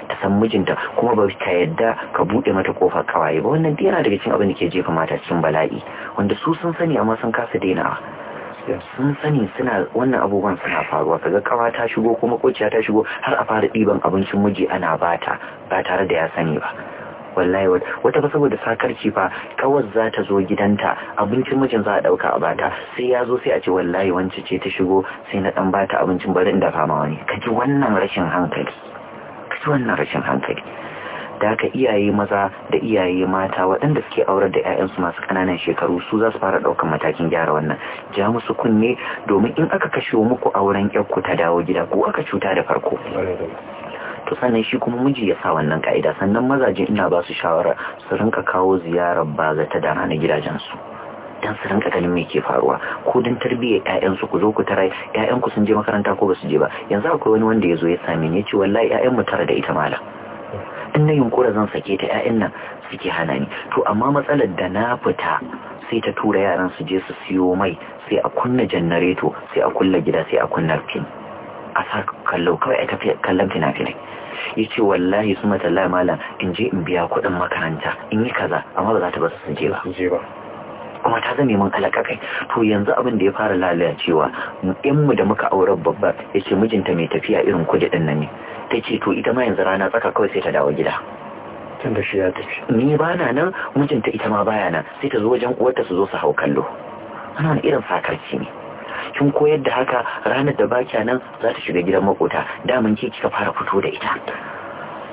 ta san mijinta kuma ba ta yadda ka buɗe mata kofa kawaye ba wannan dina daga cikin abin da ke jefa mata cikin bala'i wanda su sun sani amma sun kasa dainawa sun sani suna wannan abubuwan suna faruwa kaga kawa ta shigo kuma kociya ta shigo har a fara ɗiban abincin miji ana bata ba tare da ya sani ba wallahi wata ba saboda sakarci fa kawai za ta zo gidanta abincin mijin za a ɗauka a bata sai ya zo sai a ce wallahi wance ce ta shigo sai na dan bata abincin bari inda fama wani kaji wannan kaji wannan rashin hankali da aka iyaye maza da iyaye mata waɗanda suke aurar da 'ya'yansu masu ƙananan shekaru su za su fara ɗaukar matakin gyara wannan ja musu kunne domin in aka kashe muku auren ku ta dawo gida ko aka cuta da farko to sannan shi kuma miji ya sa wannan ka'ida sannan mazaje ina ba su shawara su rinka kawo ziyarar baza ta da rana gidajensu dan su rinka ganin me ke faruwa ko dan tarbiyyar ƴaƴansu ku zo ku tara ƴaƴanku sun je makaranta ko ba su je ba yanzu akwai wani wanda ya zo ya same ni ya ce wallahi ƴaƴan tara da ita malam in na yunkura zan sake ta 'ya'yan nan suke hana ni to amma matsalar da na fita sai ta tura yaran su je su siyo mai sai a kunna janareto sai a kulla gida sai a kunna fin a sa kallo kawai a tafi kallon fina-finai ya ce wallahi su matalla malam in je in biya kuɗin makaranta in yi kaza amma ba za ta ba su je ba kuma ta zame min alakakai to yanzu abin da ya fara lalacewa in mu da muka auren babba ya ce mijinta mai tafiya irin kuɗi ɗin nan ne ta ce to ita ma yanzu rana tsaka kawai sai ta dawo gida tunda shi ya tafi ni ba na nan mijinta ita ma baya nan sai ta zo wajen uwarta su zo su hau kallo ana irin sakarci ne kin koyar da haka ranar da baki nan za ta shiga gidan makota daman ke kika fara fito da ita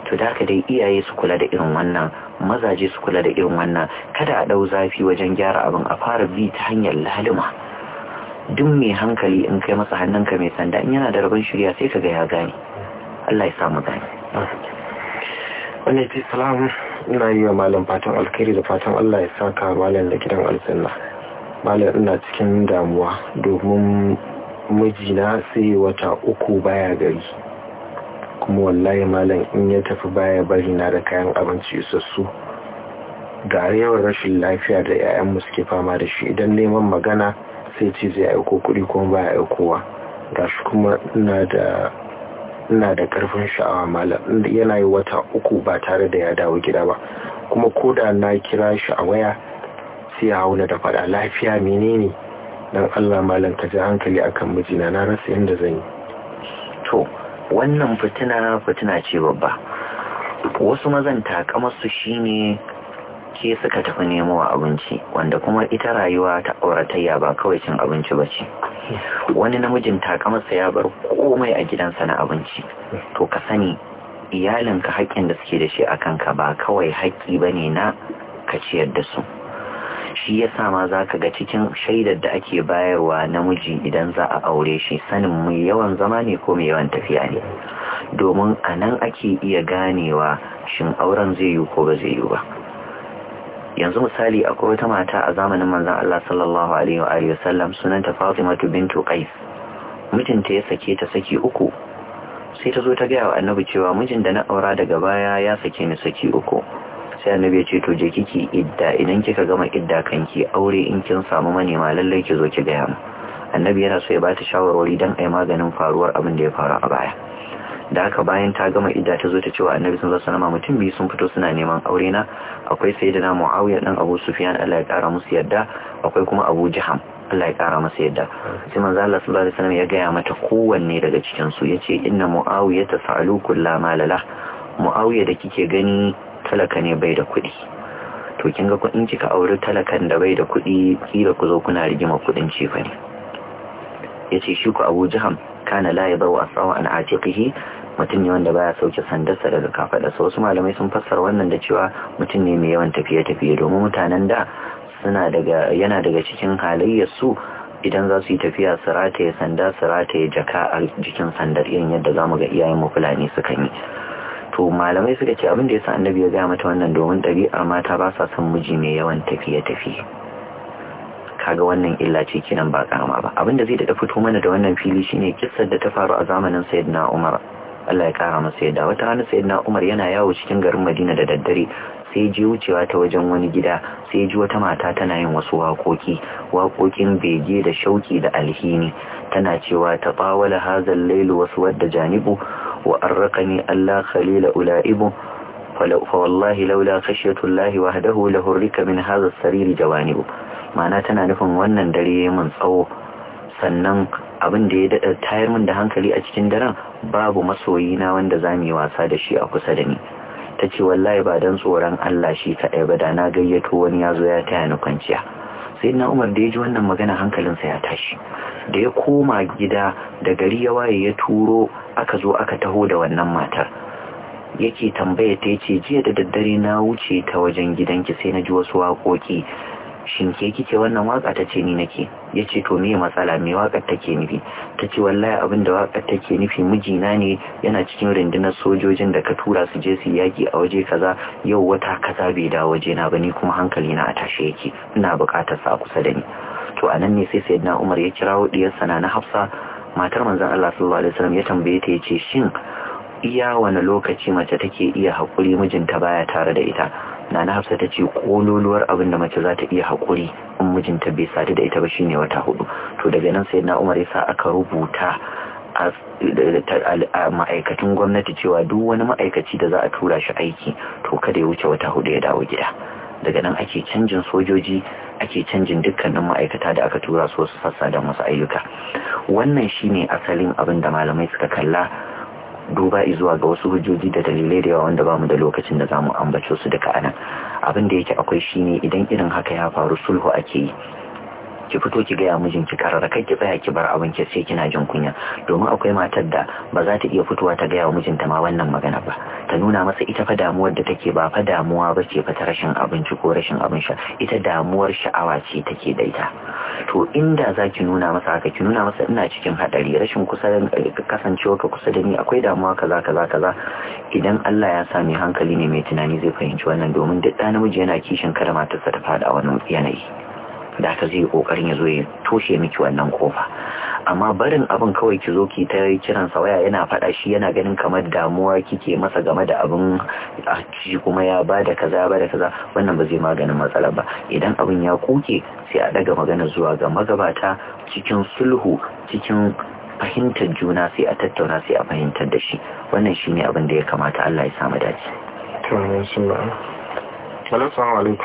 to da haka dai iyaye su kula da irin wannan mazaje su kula da irin wannan kada a dau zafi wajen gyara abin a fara bi ta hanyar laluma duk mai hankali in kai masa hannunka mai sanda in yana da rabon shirya sai ka ga ya gane Allah ya samu gani wani fi salamu ina yi wa malam fatan alkhairi da fatan Allah ya saka malam da gidan aljanna malam ina cikin damuwa domin mijina sai wata uku baya gari kuma wallahi malam in ya tafi baya bari na da kayan abinci isassu ga yawan rashin lafiya da 'ya'yan 'ya'yanmu suke fama da shi idan neman magana sai ce zai aiko kuɗi kuma baya aikowa ga shi kuma ina da ina da karfin sha'awa malam yana yi wata uku ba tare da ya dawo gida ba kuma ko da na kira shi a waya sai ya hauna da faɗa lafiya menene dan Allah malam ka ji hankali akan mijina na rasa yadda zan yi to wannan fitina fitina ce babba wasu mazan takamarsu shine ke suka tafi nemo abinci wanda kuma ita rayuwa ta auratayya ba kawai cin abinci ba ce wani namijin takamarsa ya bar komai a gidansa na abinci to ka sani iyalinka haƙƙin da suke da shi a kanka ba kawai haƙƙi ba ne na ka ciyar da su shi ya sama za ka ga cikin shaidar da ake bayarwa namiji idan za a aure shi sanin mai yawan zama ne ko mai yawan tafiya ne domin a nan ake iya ganewa shin auren zai yi ko ba zai yi ba yanzu misali akwai wata mata a zamanin manzan Allah sallallahu alaihi wa alihi wasallam sunanta Fatimatu bintu Qais mijinta ya sake ta saki uku sai ta zo ta gaya wa annabi cewa mijin da na aura daga baya ya sake ni saki uku sai annabi ya ce to je kiki idda idan kika gama idda kanki aure in kin samu manema lallai ki zo ki gaya mu annabi yana so ya bata shawarwari don a yi maganin faruwar abin da ya faru a baya da haka bayan ta gama idda ta zo ta cewa annabi sallallahu alaihi wasallam mutum biyu sun fito suna neman aure na akwai sayyidina muawiya dan abu sufyan Allah ya kara musu yadda akwai kuma abu jaham Allah ya kara masa yadda sai manzo Allah sallallahu alaihi wasallam ya gaya mata kowanne daga cikin su yace inna muawiya tasalu kulla malala muawiya da kike gani talaka ne bai da kuɗi to kin ga kuɗin kika aure talakan da bai da kuɗi kila ku zo kuna rigima kuɗin fa ne yace shi ku Abu Jaham kana la yadaw asawa an atiqihi mutum ne wanda baya sauke sandarsa daga kafaɗarsa wasu malamai sun fassara wannan da cewa mutum ne mai yawan tafiye-tafiye domin mutanen da suna daga yana daga cikin halayyar su idan za su yi tafiya su rataye sanda su rataye jaka a jikin sandar irin yadda za mu ga iyayen fulani sukan yi to malamai suka ce abin da ya sa annabi ya gaya mata wannan domin ɗabi'ar mata ba sa son miji mai yawan tafiye-tafiye kaga wannan illa ce kinan ba ƙarama ba abin da zai daɗa fito mana da wannan fili shine kissar da ta faru a zamanin sayyidina umar Allah ya kara masa yadda wata rana na Umar yana yawo cikin garin Madina da daddare sai ji wucewa ta wajen wani gida sai ji wata mata tana yin wasu waƙoƙi waƙoƙin bege da shauki da alhini tana cewa ta bawala hazal lailu wasu wadda janibu wa arraqani Allah khalila ulaibu wallahi laula khashiyatullahi wahdahu lahurrika min hadha as-sariri jawanibu mana tana nufin wannan dare yayin mun tsawo sannan abin da ya daɗa tayar min da hankali a cikin daren babu masoyi na wanda za mu yi wasa da shi a kusa da ni ta ce wallahi ba don tsoron Allah shi kaɗai ba da na gayyato wani ya zo ya taya ni kwanciya sai na umar da ya ji wannan magana hankalinsa ya tashi da ya koma gida da gari ya waye ya turo aka zo aka taho da wannan matar yake tambaya ta ce jiya da daddare na wuce ta wajen gidanki sai na ji wasu waƙoƙi shin ke kike wannan waka ta ce ni nake ya ce to me matsala me wakar take nufi ta ce wallahi abin da wakar take nufi mijina ne yana cikin rundunar sojojin da ka tura su je su yaki a waje kaza yau wata kaza bai da waje na ba ni kuma hankali na a tashe yake ina bukatar sa kusa da ni to anan ne sai sayyidina Umar ya kirawo diyarsa na Hafsa matar manzon Allah sallallahu alaihi wasallam ya tambaye ta yace shin iya wani lokaci mace take iya hakuri mijinta baya tare da ita nana hafsa ta ce kololuwar abinda mace za ta iya haƙuri in mijinta bai sadu da ita ba shine wata hudu to daga nan sai na umar yasa aka rubuta a ma'aikatan gwamnati cewa duk wani ma'aikaci da za a tura shi aiki to kada ya wuce wata hudu ya dawo gida daga nan ake canjin sojoji ake canjin dukkanin ma'aikata da aka tura su wasu sassa da masu ayyuka wannan shine asalin abin da malamai suka kalla duba izuwa ga wasu hujjoji da dalilai da yawa wanda bamu da lokacin da zamu ambace su duka anan abin da yake akwai shine idan irin haka ya faru sulhu ake yi ki fito ki gaya mijinki karara kai ki tsaya ki bar abin ki sai kina jin kunya domin akwai matar da ba za ta iya fitowa ta gaya wa mijinta ma wannan magana ba ta nuna masa ita fa damuwar da take ba fa damuwa ba ce fa ta rashin abinci ko rashin abin sha ita damuwar sha'awa ce take da to inda za ki nuna masa haka ki nuna masa ina cikin haɗari rashin kusa kasancewa ka kusa da ni akwai damuwa kaza kaza kaza idan Allah ya sa mai hankali ne mai tunani zai fahimci wannan domin duk ɗan namiji yana kishin kar matarsa ta fada a wannan yanayi da haka zai kokarin ya zo ya toshe miki wannan kofa amma barin abin kawai ki zo ki ta kiran sa waya yana faɗa shi yana ganin kamar damuwa kike masa game da abin a ci kuma ya ba da kaza ba da kaza wannan ba zai maganin matsala ba idan abin ya kuke sai a daga magana zuwa ga magabata cikin sulhu cikin fahimtar juna sai a tattauna sai a fahimtar da shi wannan shi ne abin da ya kamata Allah ya samu dace alaikum.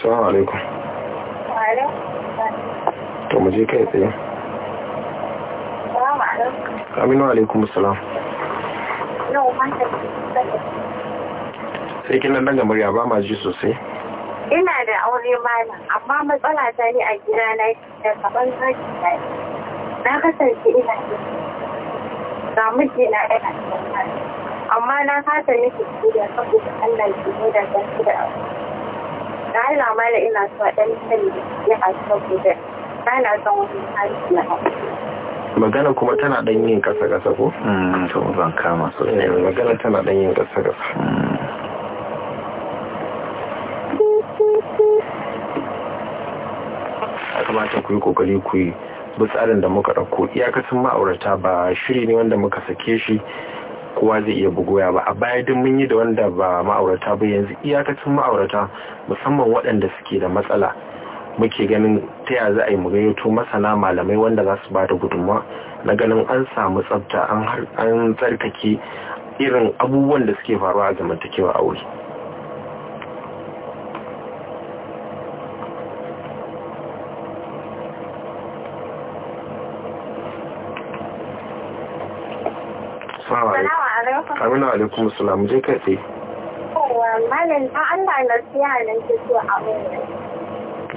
Assalamu alaikum. To mu je kai tsaye. Aminu alaikum salam. Sai kin nan daga murya ba ma ji sosai. Ina da aure mana amma matsala ta ne a gida na da kaban zaki na. Na kasance ina da ga miji na ina amma na kasa nake da saboda Allah ya da da da Allah mala ina so dan sani ne a saboda ba na son wani hali na magana kuma tana ɗan yin ƙasa ƙasa ko mm, to ban kama so eh, magana tana ɗan yin ƙasa ƙasa. a kamata ku yi ƙoƙari ku yi tsarin da muka ɗauko iyakacin ma'aurata ba shiri ne wanda muka sake shi kowa zai iya bugoya ba a baya duk mun yi da wanda ba ma'aurata ba yanzu iyakacin ma'aurata musamman waɗanda suke da matsala muke ganin ta ya za a yi mu gayyato masana malamai wanda za su ba da gudunmawa na ganin an samu tsabta an tsarkake irin abubuwan da suke faruwa a zamantakewa aure. Amina alaikum salam je kai tsaye. Malam an Allah a nan ke so a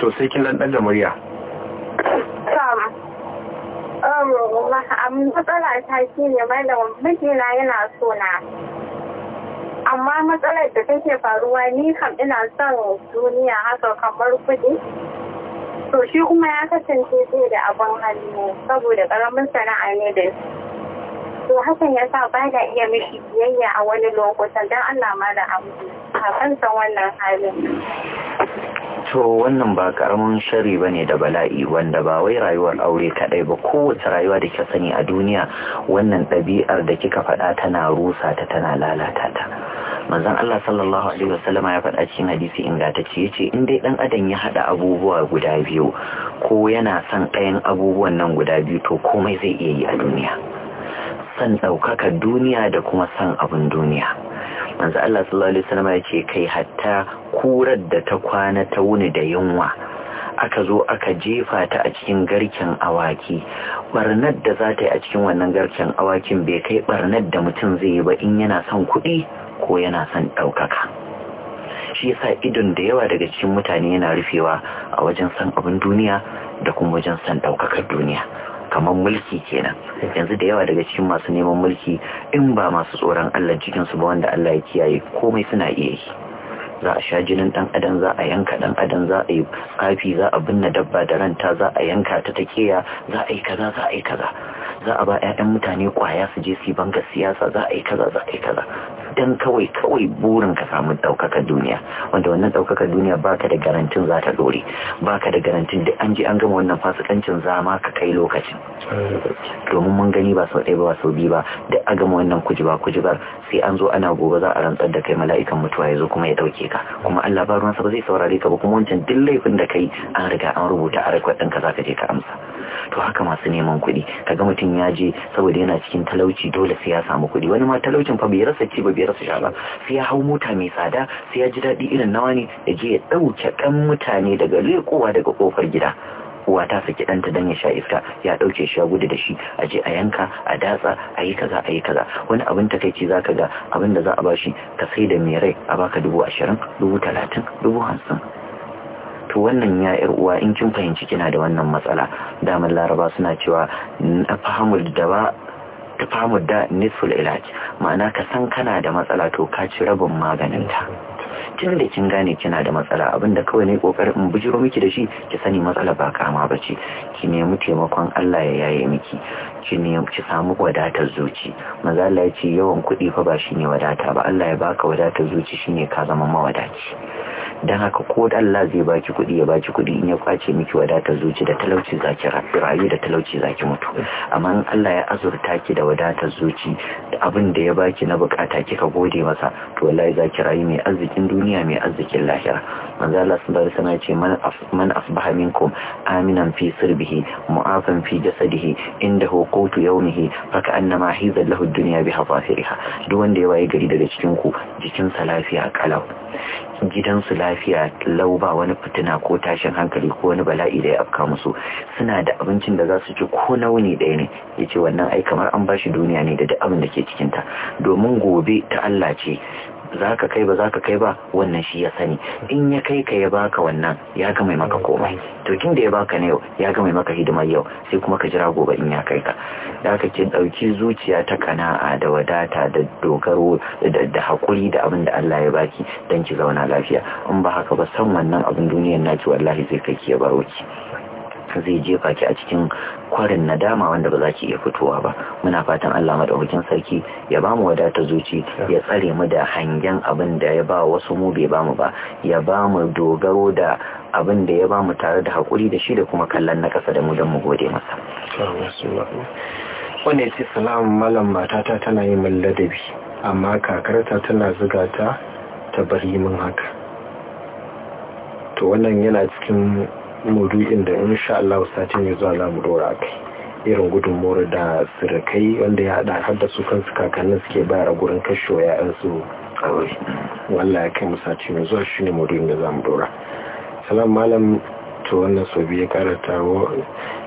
To sai kin dan da murya. Sam. Um, um, matsala ta shi ne malam mijina yana so na. Amma matsalar da take faruwa ni kam ina son duniya haka kamar kuɗi. To shi kuma ya kasance zai da abin hannu saboda ƙaramin sana'a ne da shi. to hakan ya sa ba da iya mishi biyayya a wani lokutan don Allah ma da abu kafin san wannan halin to wannan ba karamin shari bane da bala'i wanda ba wai rayuwar aure kadai ba kowace rayuwa da kika sani a duniya wannan ɗabi'ar da kika faɗa tana rusa ta tana lalata ta manzon Allah sallallahu alaihi wasallama ya faɗa cikin hadisi ta inda ingantacce yace in dai dan adam ya hada abubuwa guda biyu ko yana son ɗayan abubuwan nan guda biyu to komai zai iya yi a duniya san ɗaukakar duniya da kuma san abin duniya manzo Allah sallallahu alaihi wasallam ya kai hatta kurar da ta kwana ta wuni da yunwa aka zo aka jefa ta a cikin garken awaki barnar da za ta yi a cikin wannan garken awakin bai kai barnar da mutum zai yi ba in yana son kuɗi ko yana son ɗaukaka shi yasa idon da yawa daga cikin mutane yana rufewa a wajen son abin duniya da kuma wajen son ɗaukakar duniya kamar mulki kenan yanzu da yawa daga cikin masu neman mulki in ba masu tsoron Allah cikin su ba wanda Allah ya kiyaye komai suna iya yi za a sha jinin dan adam za a yanka dan adam za a yi kafi za a binne dabba da ranta za a yanka ta ta keya za a yi kaza za a yi kaza za a ba 'ya'yan mutane kwaya su je su yi banka siyasa za a yi kaza za a yi kaza dan kawai kawai burin ka samu daukaka duniya wanda wannan daukaka duniya baka da garantin za ta dore baka da garantin da an ji an gama wannan fasikancin zama ka kai lokacin domin mun gani ba sau ɗaya ba sau biyu ba da a gama wannan kujiba kujibar sai an zo ana gobe za a rantsar da kai mala'ikan mutuwa ya zo kuma ya dauke ka kuma Allah ba ruwansa ba zai saurare ka ba kuma wancan duk laifin da kai an riga an rubuta a rikwat ɗinka za ka je ka amsa to haka masu neman kuɗi kaga mutum ya je saboda yana cikin talauci dole sai ya samu kuɗi wani ma talaucin fa bai rasa ci ba bai rasa sha sai ya hau mota mai tsada sai ya ji daɗi irin nawa ne ya je ya ɗauke ɗan mutane daga leƙowa daga ƙofar gida uwa ta saki ɗanta don ya sha iska ya ɗauke shi ya gudu da shi a je a yanka a datsa a yi kaza a yi kaza wani abin takaici za ka ga abin da za a bashi ka sai da mai rai a baka dubu ashirin dubu talatin dubu hamsin to wannan ya yar uwa in kin fahimci kina da wannan matsala damar laraba suna cewa na fahimul da ba ta fahimu da nisful ilaj ma'ana ka san kana da matsala to ka ci rabin maganinta tun da kin gane kina da matsala abinda kawai ne kokarin in bujiro miki da shi ki sani matsala ba kama ba ce ki nemi taimakon Allah ya yaye miki ki nemi ki samu wadatar zuci manzo Allah yawan kuɗi fa ba shine wadata ba Allah ya baka wadatar zuci shine ka zama mawadaci Dan haka ko da Allah zai baki kuɗi ya baki kuɗi in ya kwace miki wadatar zuci da talauci zaki rayu da talauci zaki mutu amma in Allah ya azurta ki da wadatar zuci da abin da ya baki na bukata kika gode masa to wallahi zaki rayu mai arzikin duniya mai arzikin lahira manzo Allah sun bari sana ce man asbaha minkum aminan fi sirbihi mu'afan fi jasadihi indahu qutu yawmihi faka annama hiza lahu dunya biha fasiriha duk wanda ya waye gari daga cikin ku jikinsa lafiya kalau gidansu lafiya lau ba wani fitina ko tashin hankali ko wani bala'i da ya afka musu suna da abincin da za su ci ko nauni ɗaya ne ya ce wannan ai kamar an bashi duniya ne da duk abin da ke cikinta domin gobe ta Allah ce za ka kai ba za ka kai ba wannan shi ya sani in ya kai ka ya baka wannan ya ga mai maka komai to kin da ya baka ne ya ga mai maka hidima yau sai kuma ka jira gobe in ya kai ka da ka ɗauki dauki zuciya ta kana'a da wadata da dogaro da hakuri da abin da Allah ya baki dan ki zauna lafiya in ba haka ba san wannan abin duniyar naci wallahi zai kai ki ya baro ki zai jefa ki a cikin kwarin nadama wanda ba za ki iya fitowa ba muna fatan Allah madaukakin sarki ya ba mu wadata zuci ya tsare mu da hangen abin da ya ba wasu mu bai ba mu ba ya ba mu dogaro da abin da ya ba mu tare da hakuri da shi da kuma kallon na kasa da mu don mu gode masa wanda ce salamu malam matata tana yi min ladabi amma kakarta tana zuga ta ta bari min haka to wannan yana cikin maudu'in da insha Allah sati ne zuwa za mu dora kai irin mora da sirikai wanda ya haɗa har da su kansu kakannin suke bayar a gurin kashewa ‘ya'yansu a wuri wallah ya kai mu sati mai zuwa shi ne maudu'in da za dora salam malam to wannan so biyu kara tawo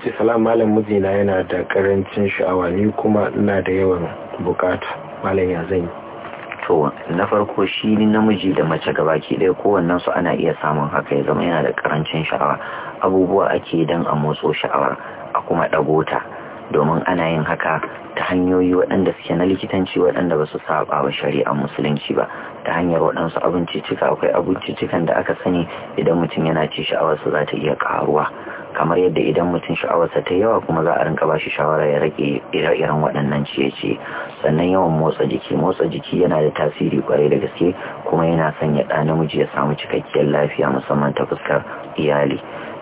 ce salam malam mijina yana da karancin sha'awa ni kuma ina da yawan bukata malam ya zan yi to na farko shi namiji da mace gabaki ɗaya kowannen su ana iya samun haka ya zama yana da karancin sha'awa abubuwa ake dan a motso sha'awar a kuma ɗagota domin ana yin haka ta hanyoyi waɗanda suke na likitanci waɗanda ba su saba wa shari'ar musulunci ba ta hanyar waɗansu cika akwai cikan da aka sani idan mutum yana ci sha'awarsa za ta iya karuwa kamar yadda idan mutum sha'awarsa ta yawa kuma za a rinka ba shi shawara ya rage ire-iren waɗannan ciye-ciye sannan yawan motsa jiki motsa jiki yana da tasiri kwarai da gaske kuma yana sanya ɗa namiji ya samu cikakkiyar lafiya musamman ta fuskar iyali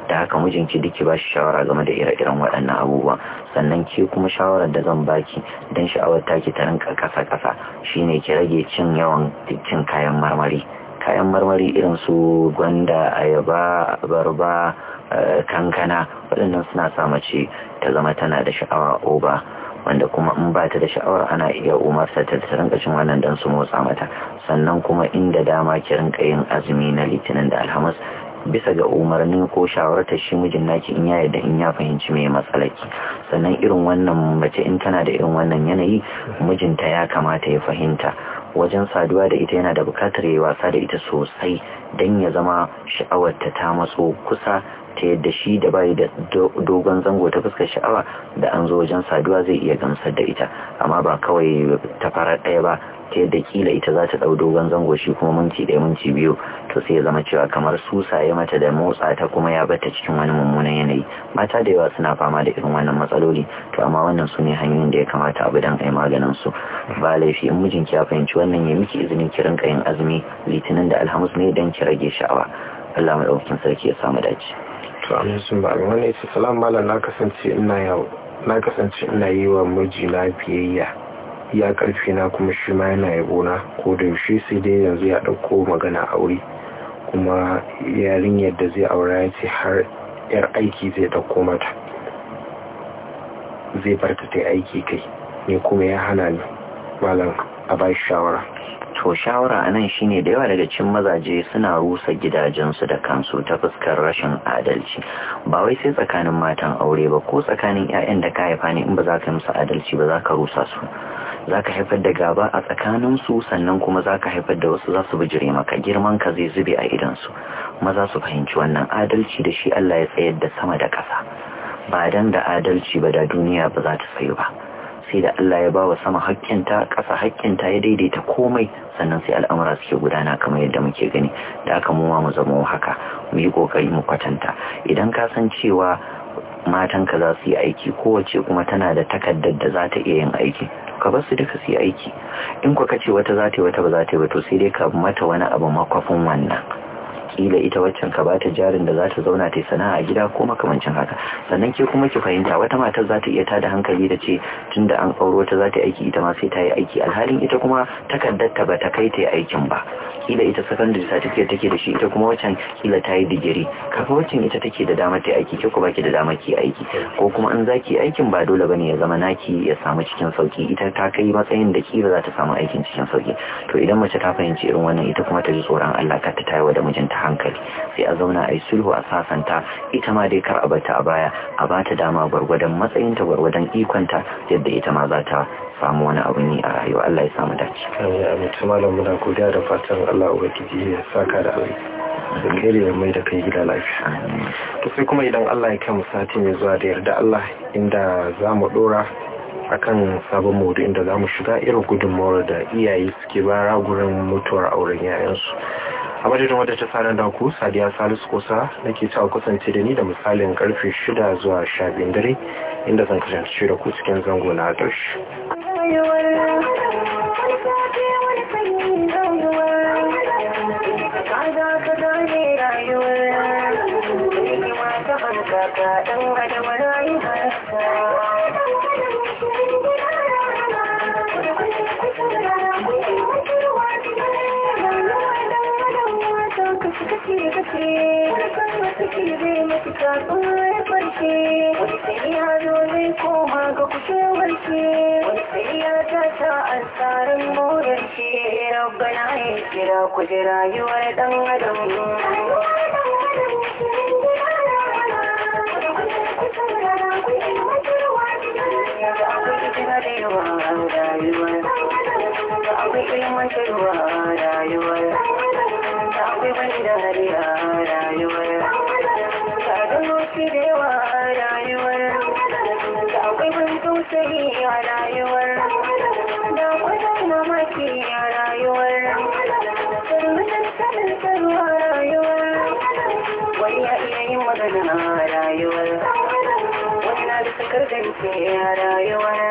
da haka mijinki duk ba bashi shawara game da ire-iren waɗannan abubuwan sannan ke kuma shawarar da zan baki don sha'awar taki ta rinka kasa-kasa shine ki rage cin yawan cin kayan marmari kayan marmari irin su gwanda ayaba barba eh, kankana waɗannan suna sa mace ta zama tana da sha'awa oba wanda kuma in ba ta da sha'awar ana iya umarta ta ta rinka cin wannan don su motsa mata sannan kuma inda dama ki rinka yin azumi na litinin da alhamis bisa ga umarnin ko shawartar shi mijin naki in ya yarda in ya fahimci mai matsalaki sannan irin wannan mace in tana da irin wannan yanayi mijinta ya kamata ya fahimta wajen saduwa da ita yana da bukatar yi wasa da ita sosai don ya zama sha'awarta ta matso kusa ta yadda shi da bayi da dogon zango ta fuskar sha'awa da an zo wajen saduwa zai iya gamsar da ita amma ba kawai ta fara ɗaya ba ta yadda kila ita za ta dau dogon zango shi kuma minti ɗaya minti biyu to sai ya zama cewa kamar susa ya mata da motsa ta kuma ya bata cikin wani mummunan yanayi mata da yawa suna fama da irin wannan matsaloli to amma wannan su ne hanyoyin da ya kamata abu dan ai maganin su ba laifi in mijinki ya fahimci wannan ya miki izinin ki rinka yin azumi litinin da alhamis ne don ki rage sha'awa Allah mai ɗaukin sarki ya samu dace. To amin sun ba wani salamu malam na kasance ina na kasance ina yi wa mijina biyayya iya karfi na kuma shi ma yana yabo na ko da yaushe sai dai yanzu ya dauko magana aure kuma yarin yadda zai aura ya ce har yar aiki zai dauko mata zai barta ta aiki kai ne kuma ya hana ni malam a ba shawara to shawara a nan shine da yawa daga cin mazaje suna rusa gidajensu da kansu ta fuskar rashin adalci ba wai sai tsakanin matan aure ba ko tsakanin 'ya'yan da ka haifa ne in ba za ka yi musu adalci ba za ka rusa su za ka haifar da gaba a tsakaninsu sannan kuma za ka haifar da wasu za su bijire maka girman ka zai zube a idansu maza su fahimci wannan adalci da shi Allah ya tsayar da sama da ƙasa ba dan da adalci ba da duniya ba za ta tsayu ba sai da Allah ya bawa sama hakkinta ƙasa hakkinta ya daidaita komai sannan sai al'amura suke gudana kamar yadda muke gani da aka mu ma mu zama haka mu yi ƙoƙari, mu kwatanta idan ka san cewa matanka za su yi aiki kowace kuma tana da takaddar da za ta iya yin aiki ka ba su duka su yi aiki in ku kace wata za ta yi wata ba za ta yi ba to sai dai ka mata wani abu makwafin wannan kila ita waccan ka bata jarin da za ta zauna ta sana'a a gida ko makamancin haka sannan ke kuma ki fahimta wata matar za ta iya ta da hankali da ce tunda an auro ta za ta aiki ita ma sai ta yi aiki alhalin ita kuma takardar ta ba ta kai ta yi aikin ba kila ita secondary certificate take da shi ita kuma waccan kila ta yi digiri kafa waccan ita take da dama ta aiki ke ku baki da damar ki aiki ko kuma an zaki aikin ba dole bane ya zama naki ya samu cikin sauki ita ta kai matsayin da kila za ta samu aikin cikin sauki to idan mace ta fahimci irin wannan ita kuma ta ji tsoron Allah ka ta tayi wa da mijinta hankali sai a zauna a yi sulhu a sasanta ita ma dai kar a bata a baya a bata dama gwargwadon matsayinta gwargwadon ikonta yadda ita ma za ta samu wani abu ne a rayuwa Allah ya samu dace. Amin amin ta malam muna godiya da fatan Allah ubangiji ya saka da aure. Alheri da mai da kai gida lafiya. To sai kuma idan Allah ya kai mu sati mai zuwa da yarda Allah inda za mu dora akan sabon mawudu inda za mu shiga irin gudunmawar da iyaye suke bara gurin mutuwar auren yayansu a madadin wadda ta sanar da ku sadiya salisu kusa nake cewa kusance da ni da misalin karfe 6 zuwa sha dare inda zan kasance da ku cikin zango na ƙarshe mafarki ya ta a tsarin burinki rabbana ya kira ku ji rayuwar ya rayuwar